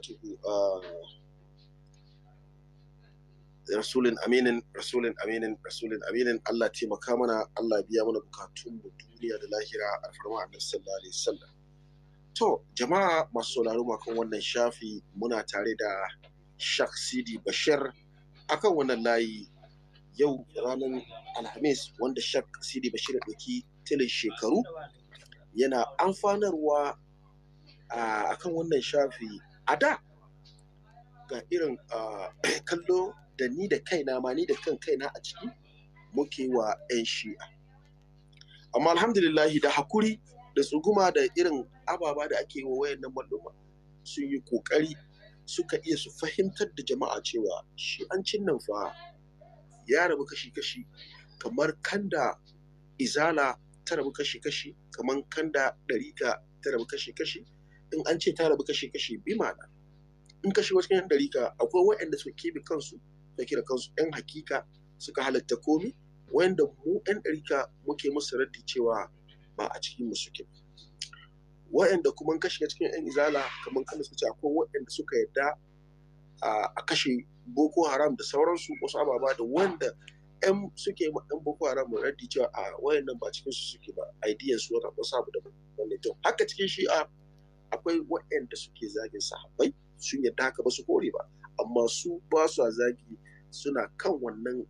وبركاته rasulin aminin rasulin aminin rasulin aminin Allah taimaka mana Allah biya mana bukatun mu duniya da lahira alfarma annabi sallallahu alaihi to jama'a masu sauraro kan wannan shafi muna tare da shak Sidi Bashir akan wannan layi yau ranar Alhamis wanda Sheikh Sidi Bashir ya ɗauki tilin shekaru yana amfanarwa akan wannan shafi a da ga irin ah, kallo da ni da kaina ma ni da kan kaina a ciki muke wa 'yan shi'a amma alhamdulillahi da hakuri da tsuguma da irin ababa da ake wa wayannan malluma sun yi kokari suka iya su fahimtar da jama'a cewa shi'ancin nan fa ya rabu kashi-kashi kamar kanda izala ta rabu kashi-kashi kamar kanda ɗarika ta rabu kashi-kashi in an ce ta rabu kashe-kashe bi ma'ana in kashe wasu yan dariƙa akwai waɗanda suka kebe kansu da kira kansu yan hakika suka halatta komi wanda mu yan dariƙa muke musu raddi cewa ba a cikin musu ke waɗanda kuma in kashe cikin yan izala kamar kan su ce akwai waɗanda suka yarda a kashe boko haram da sauransu wasu ababa da wanda yan suke ma yan boko haram raddi cewa a wayannan ba cikin su suke ba su wata ko abu da wannan haka cikin a akwai waɗanda suke zagin sahabbai sun yadda haka ba su kore ba amma su ba su zagi suna kan wannan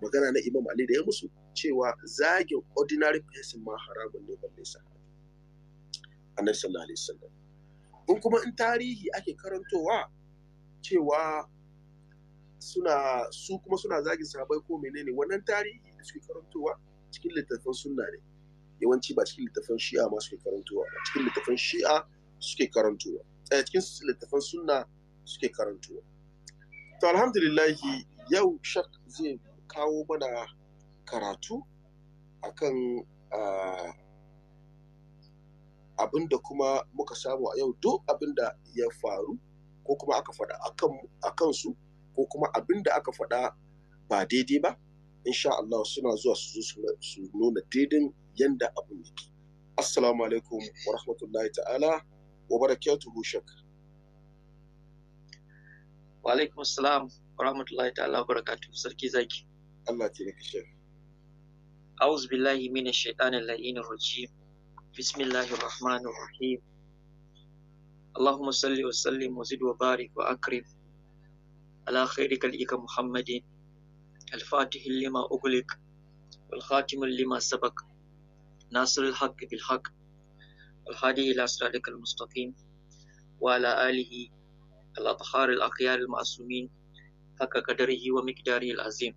magana na imam ali da ya musu cewa zagin ordinary person ma haramun ne balle sahabi annabi sallallahu alaihi in kuma in tarihi ake karantowa cewa suna su kuma suna zagin sahabai ko menene wannan tarihi da suke karantowa cikin littattafan sunna ne yawanci ba cikin littafan shi'a ma suke karantowa ba cikin littafan shi'a suke karantowa a cikin littafan sunna suke karantowa to alhamdulillahi yau shak zai kawo mana karatu akan ah, abin da kuma muka samu a yau duk abin da ya faru ko kuma aka faɗa a kansu ko kuma abin da aka faɗa ba daidai ba insha Allah suna zuwa su nuna daidai yanda abun yake assalamu alaikum wa rahmatullahi ta'ala wa barakatuhu shak wa alaikum assalam wa rahmatullahi ta'ala wa barakatuhu sarki zaki Allah ta yi shek أعوذ بالله من الشيطان اللعين الرجيم بسم الله الرحمن الرحيم اللهم صل وسلم وزد وبارك وأكرم على خير كلئك محمد الفاتح لما أغلق والخاتم لما سبق ناصر الحق بالحق الهادي إلى صراطك المستقيم وعلى آله الأطهار الأخيار المعصومين حق قدره ومقداره العظيم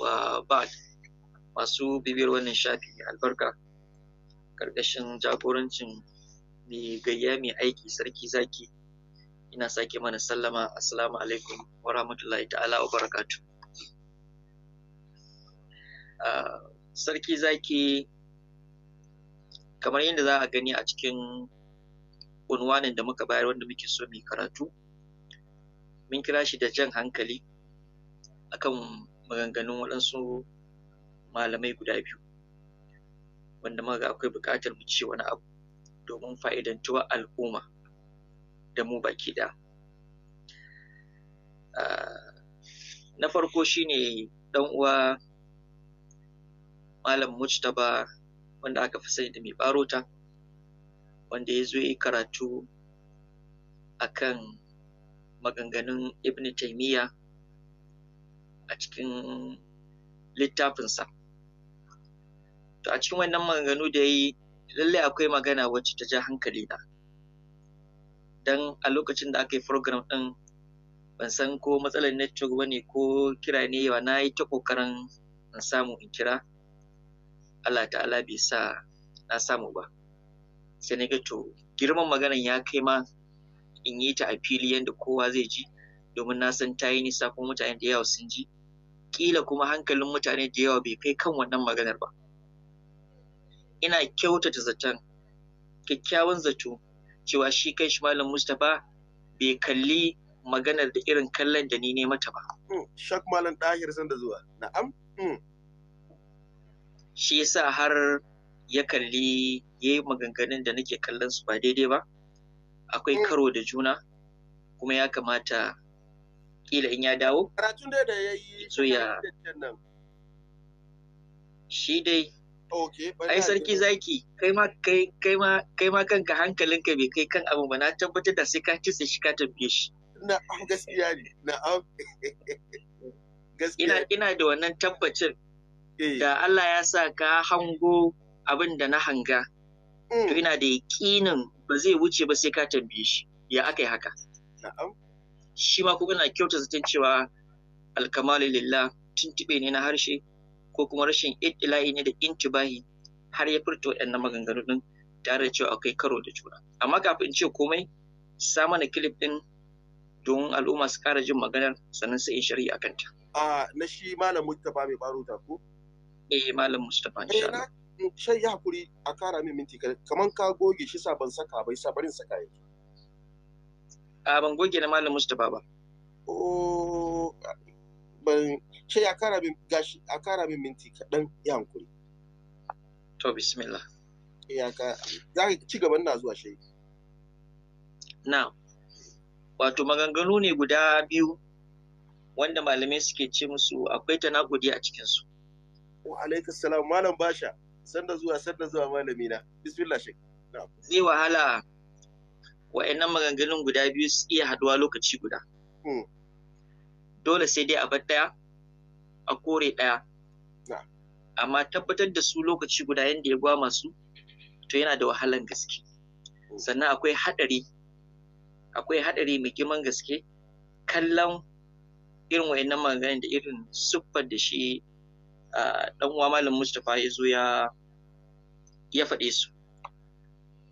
وبعد masu bibiyar wannan shafi albarka ƙarƙashin jagorancin mai gayya mai aiki sarki zaki ina sake mana sallama assalamu alaikum wa rahmatullahi ta'ala wa barakatu ah, sarki zaki kamar yadda za a gani a cikin unwanin da muka bayar wanda muke so mu karatu mun kira shi da jan hankali akan maganganun waɗansu malamai guda biyu wanda muka ga akwai buƙatar mu ce wani abu domin fa'idantuwar al'umma da mu baki ɗaya ah, na farko shine ɗan uwa malam mujtaba wanda aka fi sani da mai ɓarota, wanda ya zo yi karatu akan maganganun ibn taimiyya a cikin littafinsa to a cikin wannan maganganu da ya yi lallai akwai magana wacce ta ja hankali na don a lokacin da aka yi program ɗin ban san ko matsalar network ba ne ko kira ne yawa na yi ta ƙoƙarin in samu in kira Allah ta'ala bai sa na samu ba sai na ga to girman maganan ya kai ma in yi ta a fili yadda kowa zai ji domin na san ta yi nisa kuma mutane da yawa sun ji kila kuma hankalin mutane da yawa bai kai kan wannan maganar ba ina kyautata zaton kyakkyawan zato cewa shi kai shi malam mustapha bai kalli maganar da irin kallon da ni ne mata ba. Hmm, shak malam ɗahir san da zuwa na'am. Hmm. shi yasa har ya kalli ya yi maganganun da nake kallon su ba daidai ba akwai mm. karo da juna kuma ya kamata kila in ya dawo karatun da ya yi so ya shi dai ai sarki zaki kai ma kai kai ma kai ma kanka hankalinka bai kai kan abu ba na tabbatar da sai ka sai shi ka tambaye shi na gaskiya ne na gaskiya ina ina da wannan tabbacin Eh. da Allah ya sa ka hango abin da na hanga to hmm. ina da yakinin ba zai wuce ba sai ka tambaye shi ya aka yi haka shi ma kuma ina kyauta zaton cewa alkamali lillah tuntuɓe ne na harshe ko kuma rashin itila'i ne da intibahi har ya furta waɗannan maganganu din tare da cewa akwai karo da juna amma kafin in ce komai sa mana kilif din don al'umma su ƙara jin maganar sannan sai in shari'a kanta a ah, na shi malam mai baro da ku eh malam Mustapha insha eh, Allah sai ya hakuri a kara min minti kaman ka goge shi sa ban saka bai sa barin saka yanzu a ban goge na malam Mustapha ba oh ban sai ya kara min gashi a kara min minti kadan ya hakuri to bismillah ya ka za ka ci gaban na zuwa shi na wato maganganu ne guda biyu wanda malamai suke ce musu akwai tanakudi a cikinsu wa alaikum salam malam basha sanda zuwa sanda zuwa malami na bismillah shek zai wahala wa'annan maganganun guda biyu su iya haduwa lokaci guda hmm. dole sai dai a bar daya a kore daya amma tabbatar da su lokaci guda yadda ya gwama su to yana da wahalan gaske hmm. sannan akwai haɗari akwai hadari mai girman gaske kallon irin wa'annan maganganun da irin siffar da shi dan uwa malam Mustapha ya zo ya ya faɗe su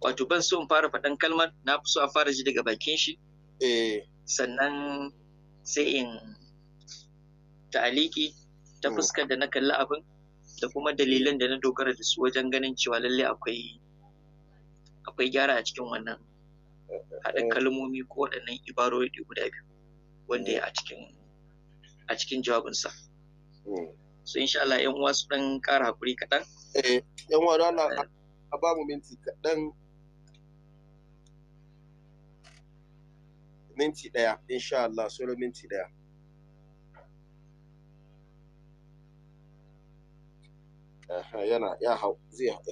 wato ban so in fara faɗan kalmar na fi so a fara ji daga bakin shi eh. sannan sai in ta'aliki ta mm. fuskar da na kalli abin da kuma dalilan da na dogara da su wajen ganin cewa lalle akwai akwai gyara a cikin wannan haɗa eh. kalmomi ko waɗannan ibarori guda biyu wanda ya a cikin a cikin jawabinsa. Mm. so insha Allah yan uwa su dan kara hakuri kaɗan. Eh yan uwa da Allah eh. a ba mu minti kadan minti ɗaya insha Allah solo minti ɗaya. yana ya hau zai hau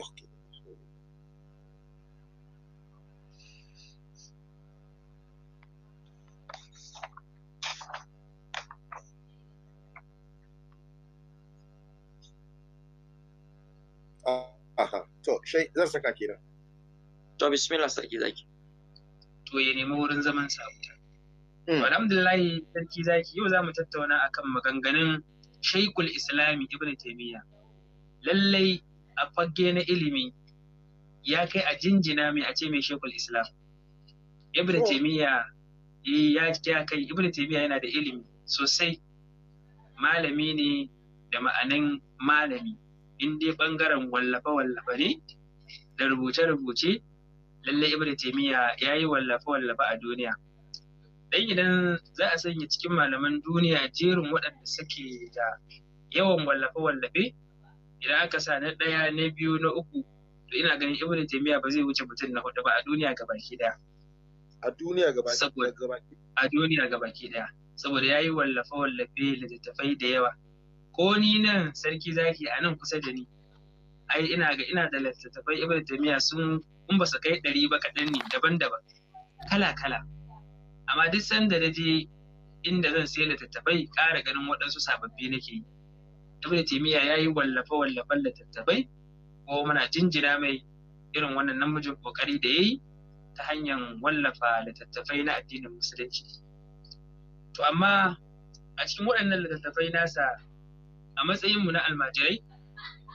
to shai zan saka kenan to bismillah sarki zaki to ya nemi wurin zaman sa hmm. alhamdulillah sarki zaki yau za mu tattauna akan maganganun shaikul islam ibn taymiya lallai a fage na ilimi ya kai a jinjina mai a ce mai shaikul islam ibn oh. taimiyya eh, ya kai ibn taymiya yana da ilimi sosai malami ne da ma'anin malami in dai bangaren wallafe-wallafe ne da rubuce-rubuce lallai ibn taimiyya ya yi wallafe-wallafe a duniya dan idan za a sanya cikin malaman duniya jerin waɗanda suke da yawan wallafe-wallafe idan aka sa na ɗaya na biyu na uku to ina ganin ibn taimiyya ba zai wuce mutum na hudu ba a duniya gabaki daya a duniya gabaki ɗaya a duniya gabaki saboda yayi wallafe-wallafe littattafai da yawa ko ni nan sarki zaki a nan kusa da ni ai ina ga ina da littattafai ibn tamiya sun in ba su kai ɗari ba kaɗan ne daban-daban kala kala amma duk sanda na je inda zan sayi littattafai ƙara ganin waɗansu sababbi nake yi ibn tamiya ya yi wallafa wallafen littattafai ko muna jinjina mai irin wannan namijin kokari da ya yi ta hanyar wallafa littattafai na addinin musulunci to amma a cikin waɗannan littattafai nasa a matsayinmu na almajirai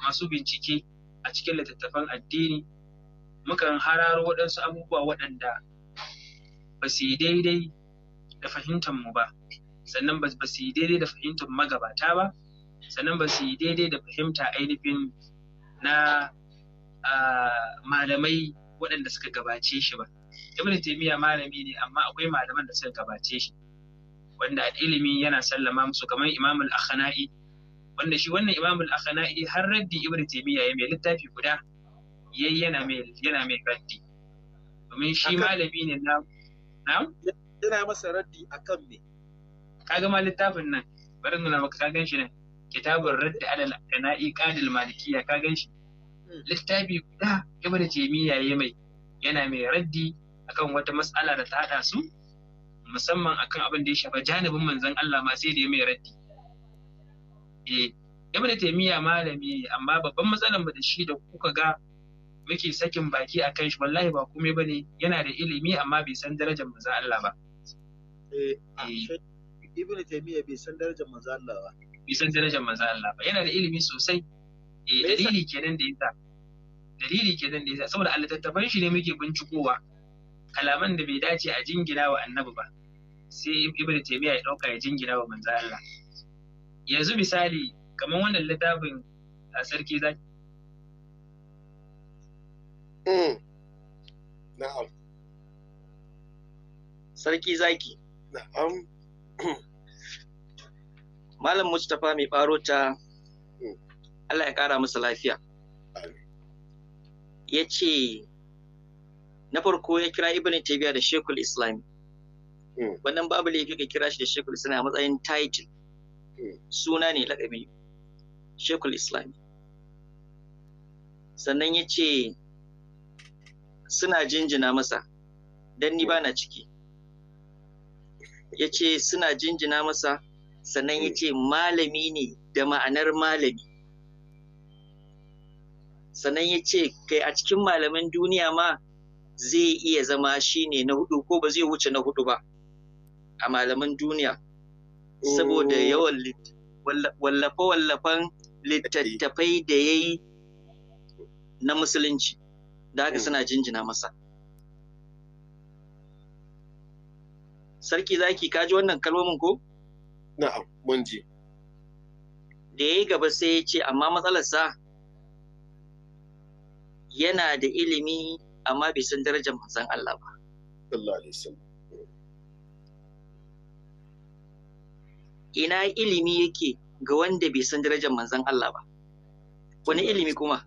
masu bincike a cikin littattafan addini mukan hararo waɗansu abubuwa waɗanda ba su yi daidai da fahimtar mu ba sannan ba su yi daidai da fahimtar magabata ba sannan ba su yi daidai da fahimta ainihin na malamai waɗanda suka gabace shi ba ibn taymiya malami ne amma akwai malaman da suka gabace shi wanda ilimi yana sallama musu kamar imam al-akhna'i wanda shi wannan imam al-akhna'i har raddi ibnu taymiya ya mai littafi guda yayi yana mai yana mai raddi domin shi malami ne na na'am yana masa raddi akan me kaga ma littafin nan bari nuna maka ka gan shi nan kitabun raddi alal ana'i qadil malikiya ka gan shi hmm. littafi guda ibnu taymiya yayi mai yana mai raddi akan wata mas'ala da ta hada su musamman akan abin da ya shafa janibin manzon Allah ma sai da ya mai raddi eh ibnu taymiya malami amma babban matsalar mu da shi da kuka ga muke sakin baki a kan shi wallahi ba komai bane yana da ilimi amma bai san darajar manzo Allah ba eh, eh. ibn taymiya bai san darajar manzo Allah ba bai san darajar manzo Allah ba yana da ilimi sosai eh dalili kenan da yasa dalili kenan da yasa saboda allah tattaban shi ne muke bincikowa kalaman da bai dace a jingina wa annabi ba sai ibn taymiya ya dauka ya jingina wa manzo Allah yanzu misali kamar wannan littafin a sarki zaki mm. na'am sarki zaki na'am malam mustapha mai baro ta mm. Allah ya kara masa lafiya ya ce na farko ya kira ibn tabiya da shekul islami mm. wannan babu laifi ka kira shi da shekul suna a matsayin title suna ne laƙabi shekul islami sannan ya ce suna jinjina masa don ni bana ciki ya ce suna jinjina masa sannan ya ce malami ne da ma'anar malami sannan ya ce kai a cikin malaman duniya ma zai iya zama shi ne na hudu ko ba zai wuce na hudu ba a malaman duniya saboda oh. yawan wallafe-wallafen littattafai da ya yi na musulunci da haka hmm. suna jinjina masa sarki zaki kaji wannan kalmomin ko? na'am mun ji da ya yi gaba sai ya ce amma matsalarsa yana da ilimi amma bai san darajar manzan Allah ba. Allah ina ilimi yake ga wanda bai san darajar manzon Allah ba wani ilimi kuma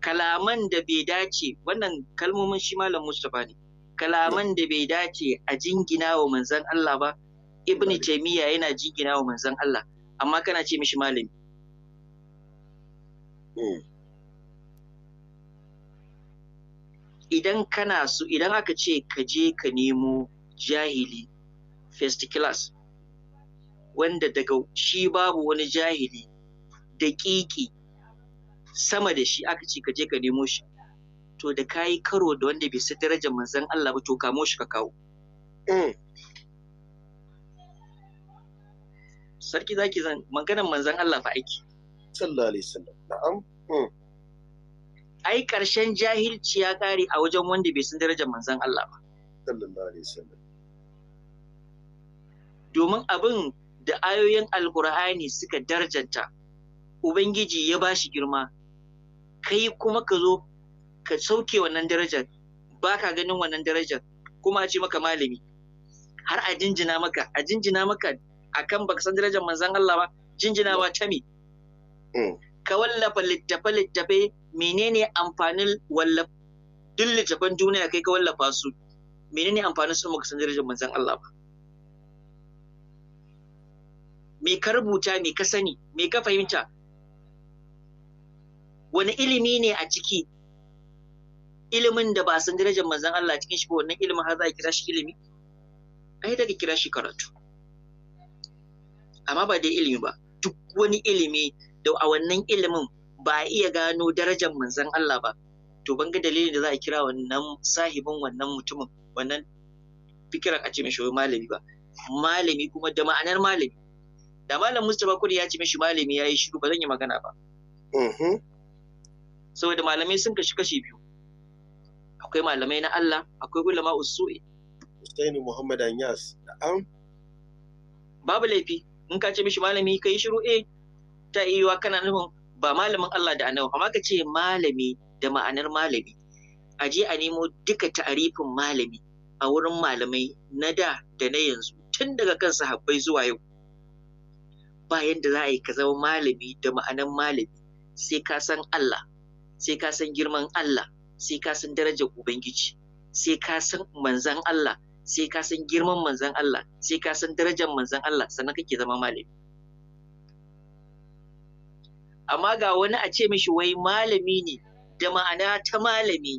kalaman da bai dace wannan kalmomin shi malam Mustapha ne kalaman da bai dace a jingina wa manzon Allah ba ibni Taymiya yana jingina wa manzon Allah amma kana ce mishi malami hmm. idan kana so idan aka ce ka je ka nemo jahili first class wanda daga shi babu wani jahili da kiki sama da shi aka ce ka je ka nemo shi to da ka yi karo da wanda bai san darajar manzon Allah ba to kamo shi ka kawo mm. sarki zaki zan maganar manzon Allah fa aiki sallallahu alaihi wasallam na'am mm. ai karshen jahilci ya kare a wajen wanda bai san darajar manzon Allah ba sallallahu alaihi wasallam domin abin da ayoyin alkur'ani suka darjanta ubangiji ya ba shi girma kai kuma ka zo ka sauke wannan darajar ba ka ganin wannan darajar kuma a ce maka malami har a jinjina maka a jinjina maka a kan baka san darajar manzan Allah ba jinjina ba ta me mm. ka wallafa littafe littafe menene amfanin wallafa duk littafan duniya kai ka wallafa su menene amfanin su maka san darajar manzan Allah ba me ka rubuta me ka sani me ka fahimta wani ilimi ne a ciki ilimin da ba san darajar manzon Allah cikin shi wannan ilimin har za a kira shi ilimi ai daga kira shi karatu amma ba dai ilimi ba duk wani ilimi da a wannan ilimin ba a iya gano darajar manzon Allah ba to ban ga dalilin da za a kira wannan sahibin wannan mutumin wannan fikirar a ce mai malami ba malami kuma da ma'anar malami da malam Mustapha Kudi ya ce mishi malami ya yi shiru ba zan yi magana ba. Mm-hmm. Saboda malamai sun kashi kashi biyu. Akwai malamai na Allah, akwai ulama usu'i. Husaini Muhammad Anyas, na'am. Babu laifi, in ka ce mishi malami ka yi shiru eh ta iya kana nufin ba malamin Allah da anawa, amma ka ce malami da ma'anar malami. A je a nemo duka ta'arifin malami a wurin malamai na da da na yanzu tun daga kan sahabbai zuwa yau. ba yadda za a yi ka zama malami da ma'anan malami sai ka san Allah sai ka san girman Allah sai ka san darajar ubangiji sai ka san manzan Allah sai ka san girman manzan Allah sai ka san darajar manzan Allah sannan kake zama malami amma ga wani a ce mishi wai malami ne da ma'ana ta malami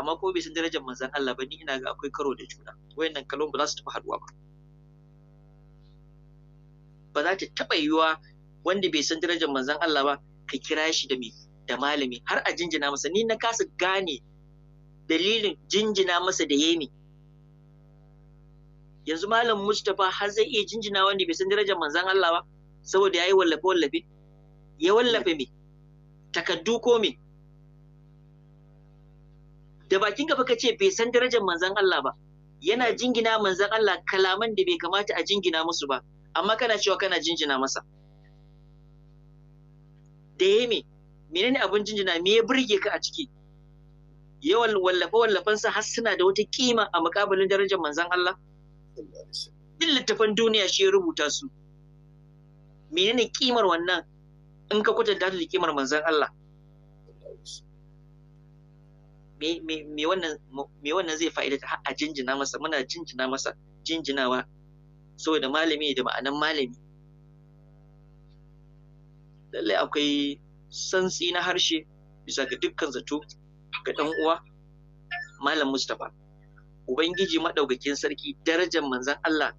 amma ko bai san darajar manzan Allah ba ni ina ga akwai karo da juna wayannan kalon ba za su tafi haduwa ba ba za ta taɓa yiwuwa wanda bai san darajar manzon Allah ba ka kira shi da me da malami har a jinjina masa ni na kasa gane dalilin jinjina masa da yemi yanzu malam Mustapha har zai iya jinjina wanda bai san darajar manzon Allah ba saboda yayi wallafe wallafe ya wallafe me takaddu ko me da bakin gaba ka ce bai san darajar manzon Allah ba yana jingina manzon Allah kalaman da bai kamata a jingina musu ba amma kana cewa kana jinjina masa da ya me menene abin jinjina me ya burge ka a ciki yawan wallafe wallafansa har suna da wata kima a mukabilin darajar manzon Allah duk littafan duniya shi ya rubuta su menene kimar wannan in ka kwatanta da kimar manzon Allah me wannan zai fa'ida a jinjina masa muna jinjina masa jinjinawa saboda malami da ma'anan malami lallai akwai santsi na harshe bisa ga dukkan zato ga ɗan uwa malam mustapha ubangiji maɗaukakin sarki darajar manzon allah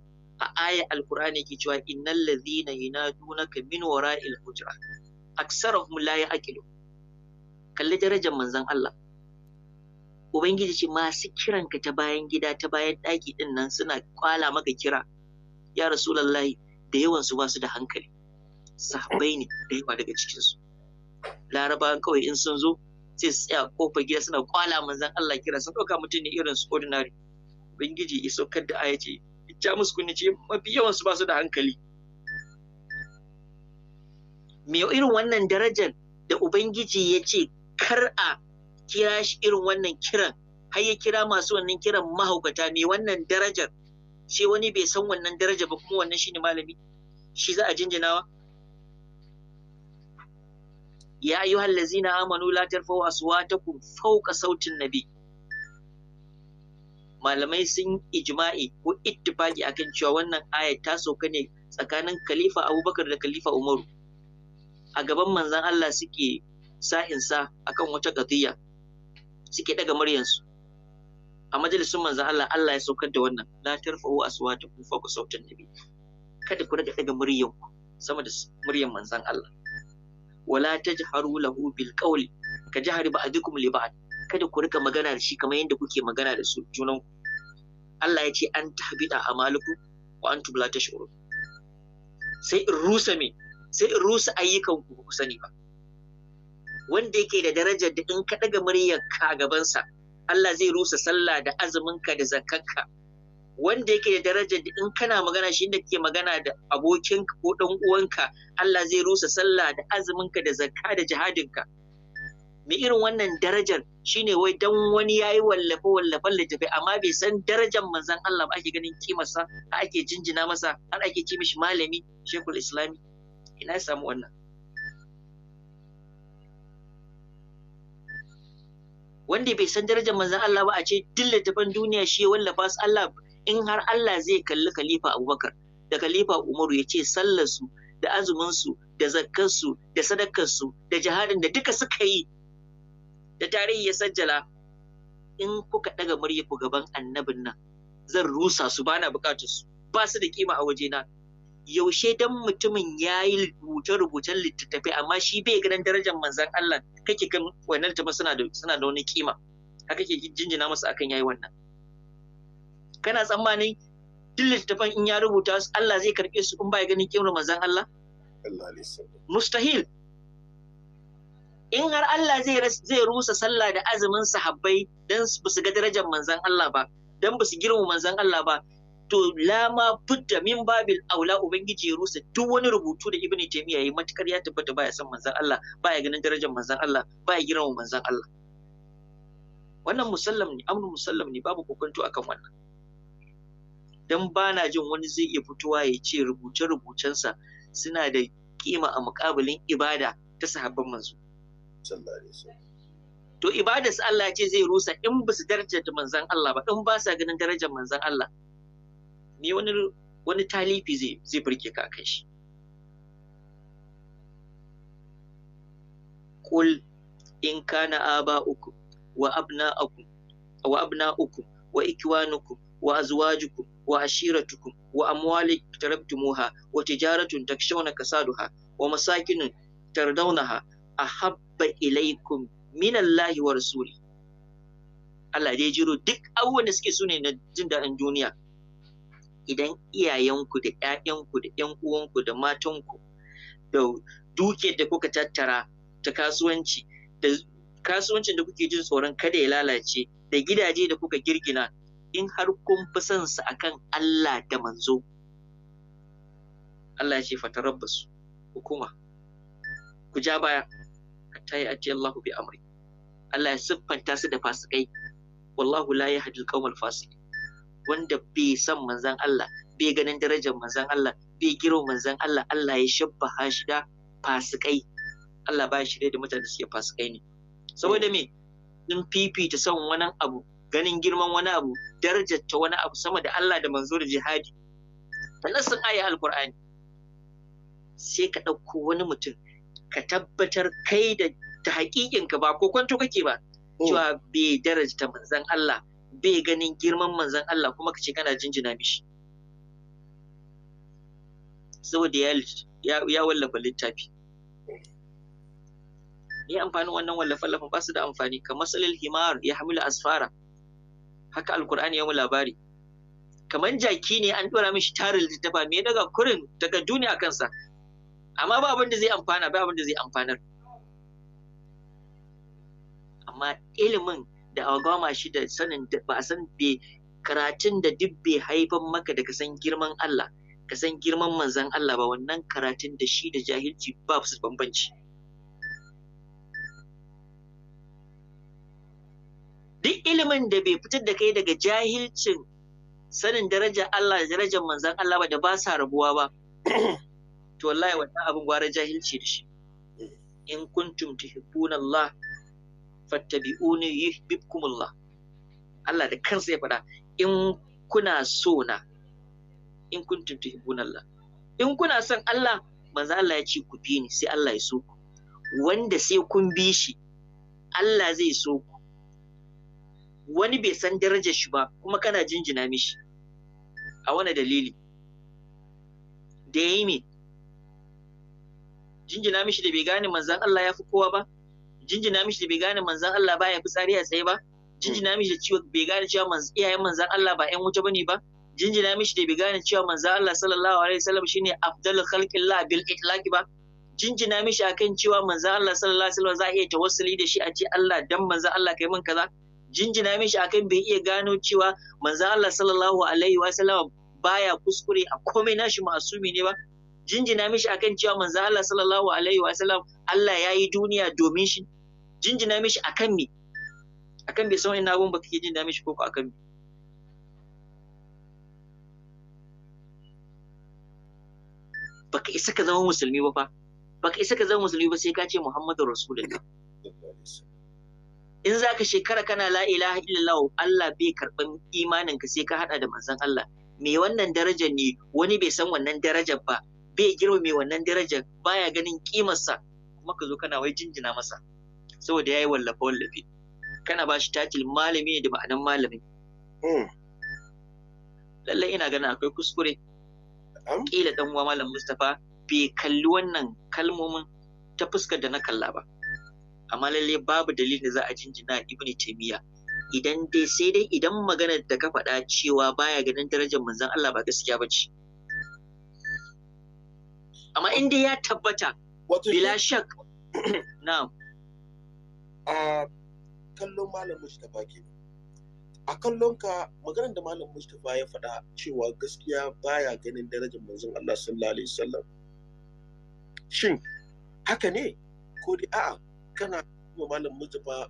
a aya alkur'ani ke cewa innal ladhina yunadunaka min wara'il hujurat aksarahum la ya'qilu kalli darajar manzon allah ubangiji ce masu kiranka ta bayan gida ta bayan ɗaki ɗin suna kwala maka kira ya rasulallahi da yawan su ba su da hankali sahabbai ne da yawa daga cikinsu larabawan kawai in sun zo sai su tsaya kofa gida suna kwala manzan Allah kira sun dauka mutum ne irin su ordinary ubangiji ya saukar da aya ce musu kunni ce mafi yawan su ba su da hankali me irin wannan darajar da ubangiji ya ce kar a kira shi irin wannan kiran har ya kira masu wannan kiran mahaukata me wannan darajar sai wani bai san wannan daraja ba kuma wannan shine malami shi za a jinjinawa ya ayyuhal ladzina amanu la tarfa'u aswatakum fawqa sautin nabi malamai sun ijma'i ko ittifaki akan cewa wannan ayat ta sauka ne tsakanin khalifa abubakar da khalifa umaru a gaban manzon Allah suke sa'insa akan wata qadiyya suke daga muryansu a majalisun manzan Allah Allah ya saukar da wannan la tarfa'u aswatakum fawqa sautin nabi kada ku rika daga muryan sama da muryan manzan Allah wala tajharu lahu bil qawli ka jahari ba'dukum li ba'd kada ku rika magana da shi kamar yadda kuke magana da su junan Allah ya ce an tahbida amalukum wa antum la tash'urun sai in rusa me sai in rusa ayyukan ku ku sani ba wanda yake da darajar da in ka daga muryar ka gabansa Allah zai rusa sallah da azuminka da zakakka wanda yake da darajar da in kana magana shi da ke magana da abokinka ko dan uwanka Allah zai rusa sallah da azuminka da zakka da jihadinka Me irin wannan darajar shine wai dan wani ya yi wallafe wallafen littafi amma bai san darajar manzon Allah ba ake ganin kimarsa ake jinjina masa har ake ce mishi malami shekul islami ina ya samu wannan wanda bai san darajar manzon Allah ba a ce duk littafin duniya shi ya wallafa su Allah in har Allah zai kalli khalifa Abubakar da khalifa Umaru ya ce sallar su da azumin su da zakkar su da sadakar su da jihadin da duka suka yi da tarihi ya sajjala in kuka daga murya ku gaban annabin nan zan rusa su bana bukatar su ba su da kima a waje na. yaushe dan mutumin yayi yi rubuce-rubucen littattafai amma shi bai ganin darajar manzon Allah kake kan wannan littafin suna da suna da wani kima haka kake jinjina musu akan yayi wannan kana tsammanin duk littafin in ya rubuta su Allah zai karɓe su in ba ya ganin kimar manzon Allah mustahil in har Allah zai zai rusa sallah da azumin sahabbai dan ba su ga darajar manzon Allah ba dan ba su girma manzon Allah ba to lama budda min babil aula ubangiji ya rusa duk wani rubutu da ibnu taymiya yayi matukar ya tabbata baya son manzon Allah baya ganin darajar manzon Allah baya girmama manzon Allah wannan musallam ne amnu musallam ne babu kokonto akan wannan dan bana jin wani zai iya fitowa ya ce rubuce rubucensa suna da kima a muƙabilin ibada ta sahabban manzo To ibada su to ibadar Allah ce zai rusa in ba su darajar manzon Allah ba in ba sa ganin darajar manzon Allah me wani wani talifi zai zai burge ka akan shi qul in kana aba'ukum wa abna'ukum wa abna'ukum wa ikwanukum wa azwajukum wa ashiratukum wa amwalik tarabtumuha wa tijaratun takshawna kasaduha wa masakinun tardawnaha ahabba ilaykum min Allahi wa rasuli Allah dai jiro duk abubuwan da suke sune na jin daɗin duniya idan iyayenku da 'ya'yanku da 'yan uwanku da matanku da duke da kuka tattara ta kasuwanci da kasuwancin da kuke jin tsoron kada ya lalace da gidaje da kuka girgina in har kun fi son su akan Allah da manzo Allah ya ce fatarabbasu hukuma ku ja baya hatta ya ati Allahu bi amri Allah ya siffanta su da fasikai wallahu la yahdi al-qawmal fasiqin wanda bai san manzan Allah bai ganin darajar manzan Allah bai giro manzan Allah Allah ya shabbaha shi da fasikai Allah ba shi da mutane suke fasikai ne saboda me sun fifita son wani abu ganin girman wani abu ta wani abu sama da Allah da manzo da jihadi ta nassin aya alqur'ani sai ka ɗauko wani mutum ka tabbatar kai da ta hakikinka ba ko kwanto kake ba oh. cewa bai darajta manzan Allah bai ganin girman manzon Allah kuma kace kana jinjina mishi saboda ya ya wallafa littafi ni amfanin wannan wallafa lafa ba su da amfani kamar salil himar ya hamila asfara haka alkur'ani ya mu labari kamar jaki ne an dora mishi tarin littafa me daga kurin daga duniya kansa amma ba abin da zai amfana ba abin da zai amfanar amma ilimin da agwama shi da sanin ba san be karatun da duk bai haifan maka da ka san girman Allah ka san girman manzan Allah ba wannan karatun da shi da jahilci ba su bambanci duk ilimin da bai fitar da kai daga jahilcin sanin darajar Allah da darajar manzan Allah ba da ba sa rabuwa ba to wallahi wannan abin gwara jahilci da shi in kuntum tuhibbuna Allah fattabi'uni yuhibbukumullah Allah da kansa ya faɗa in kuna so na in kuntum tuhibbunallah in kuna son Allah manzo Allah ya ce ku bi ni sai Allah ya so ku wanda sai kun bi shi Allah zai so ku wani bai san darajar shi ba kuma kana jinjina mishi a wani dalili da ya yi me jinjina mishi da bai gane manzan Allah ya fi kowa ba jinjina mishi da bai gane manzan Allah ba ya tsari a tsaye ba jinjina hmm. mishi da ciwo bai gane cewa iyayen manzan Allah ba 'yan wuce bane ba jinjina mishi da bai gane cewa manzan Allah sallallahu alaihi wasallam shine afdalul khalqillah bil itlaqi ba jinjina mishi akan cewa manzan Allah sallallahu alaihi wasallam za a iya tawassuli da shi a ce Allah dan manzan Allah kai min kaza jinjina mishi akan bai iya gano cewa manzan Allah sallallahu alaihi wasallam baya kuskure a komai nashi masumi ne ba jinjina mishi akan cewa manzo Allah sallallahu alaihi wasallam Allah ya yi duniya domin shi jinjina mishi akan me akan bai san wani abun ba kake jinjina mishi koko akan me ka isa ka zama musulmi ba fa Ba ka isa ka zama musulmi ba sai ka ce Muhammadu Rasulullah in za ka shekara kana la ilaha illallah Allah bai karɓan imanin ka sai ka haɗa da manzon Allah me wannan darajar ne wani bai san wannan darajar ba bai girma mai wannan darajar baya ganin kimarsa kuma ka zo kana wai jinjina masa saboda yayi wallafa wallafe kana bashi shi malami ne da ma'anan malami hmm. lallai ina ganin akwai kuskure kila dan uwa malam Mustapha bai kalli wannan kalmomin ta fuskar da na kalla ba amma lallai babu dalilin da za a jinjina Ibn Taymiyyah idan dai sai dai idan maganar da ka faɗa cewa baya ganin darajar manzon Allah ba gaskiya ba ce amma in dai ya tabbata bila shak na'am a kallon malam mustapha ke a kallon ka maganar da malam mustapha ya faɗa cewa gaskiya baya ganin darajar manzon Allah sallallahu alaihi wasallam shin haka ne ko dai a'a kana kuma malam mustapha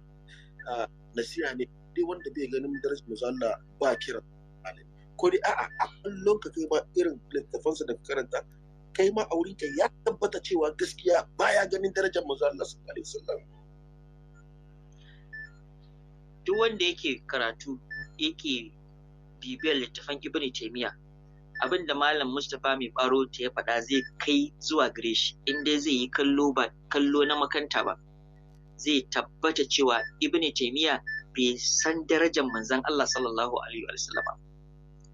nasiha ne dai wanda bai ganin darajar manzon Allah ba kiran ko dai a'a a kallon ka kai ma irin littafansa da karanta kai ma a ka ya tabbata cewa gaskiya baya ganin darajar manzon Allah sallallahu alaihi wasallam duk wanda yake karatu yake bibiyar littafan ibn taimiya abin da malam mustapha mai baro ta ya faɗa zai kai zuwa gare shi inda zai yi kallo ba kallo na makanta ba zai tabbata cewa ibn taimiya bai san darajar manzon Allah sallallahu alaihi wa sallama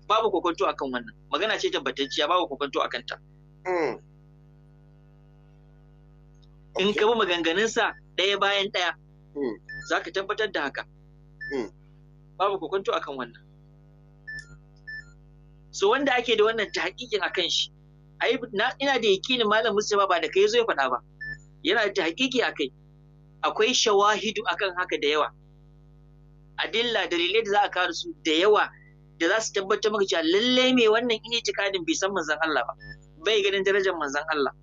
babu kokonto akan wannan magana ce tabbatacciya babu kokonto akan ta hmm. in ka bi maganganunsa ɗaya bayan ɗaya hmm. za ka tabbatar da haka Hmm. babu kokonto akan wannan so wanda ake da wannan ta hakikin akan shi ai na ina da yakinin malam musa ba da kai zo ya faɗa ba yana da hakiki akai akwai shawahidu akan haka da yawa adilla dalilai da za a kawo su da yawa da za su tabbatar maka cewa lalle me wannan tikadin bai san manzon Allah ba bai ganin darajar manzon Allah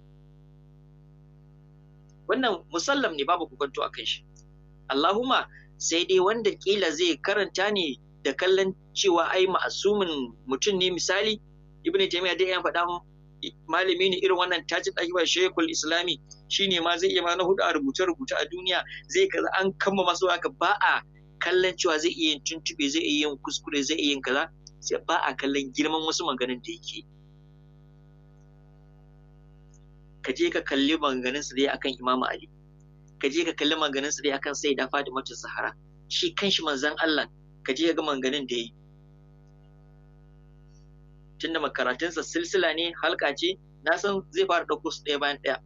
wannan musallam ne babu kokonto akan shi Allahumma sai dai wanda kila zai karanta ne da kallon cewa ai ma'asumin mutum ne misali ibn taymiya dai ya faɗa malami ne irin wannan tajin ɗaki ba shekul islami shine ma zai iya ma na hudu a rubuce rubuce a duniya zai kaza an kama masu haka ba a kallon cewa zai iya yin tuntube zai iya yin kuskure zai iya yin kaza sai ba a kallon girman wasu maganin da yake ka je ka kalli maganganun su dai akan imamu ali ka je ka kalli maganin su dai akan sai da fadi mata sahara. shi kanshi manzan Allah ka je ga maganin da yi tunda makaratunsa silsila ne halka ce na san zai fara ɗauko su ɗaya bayan ɗaya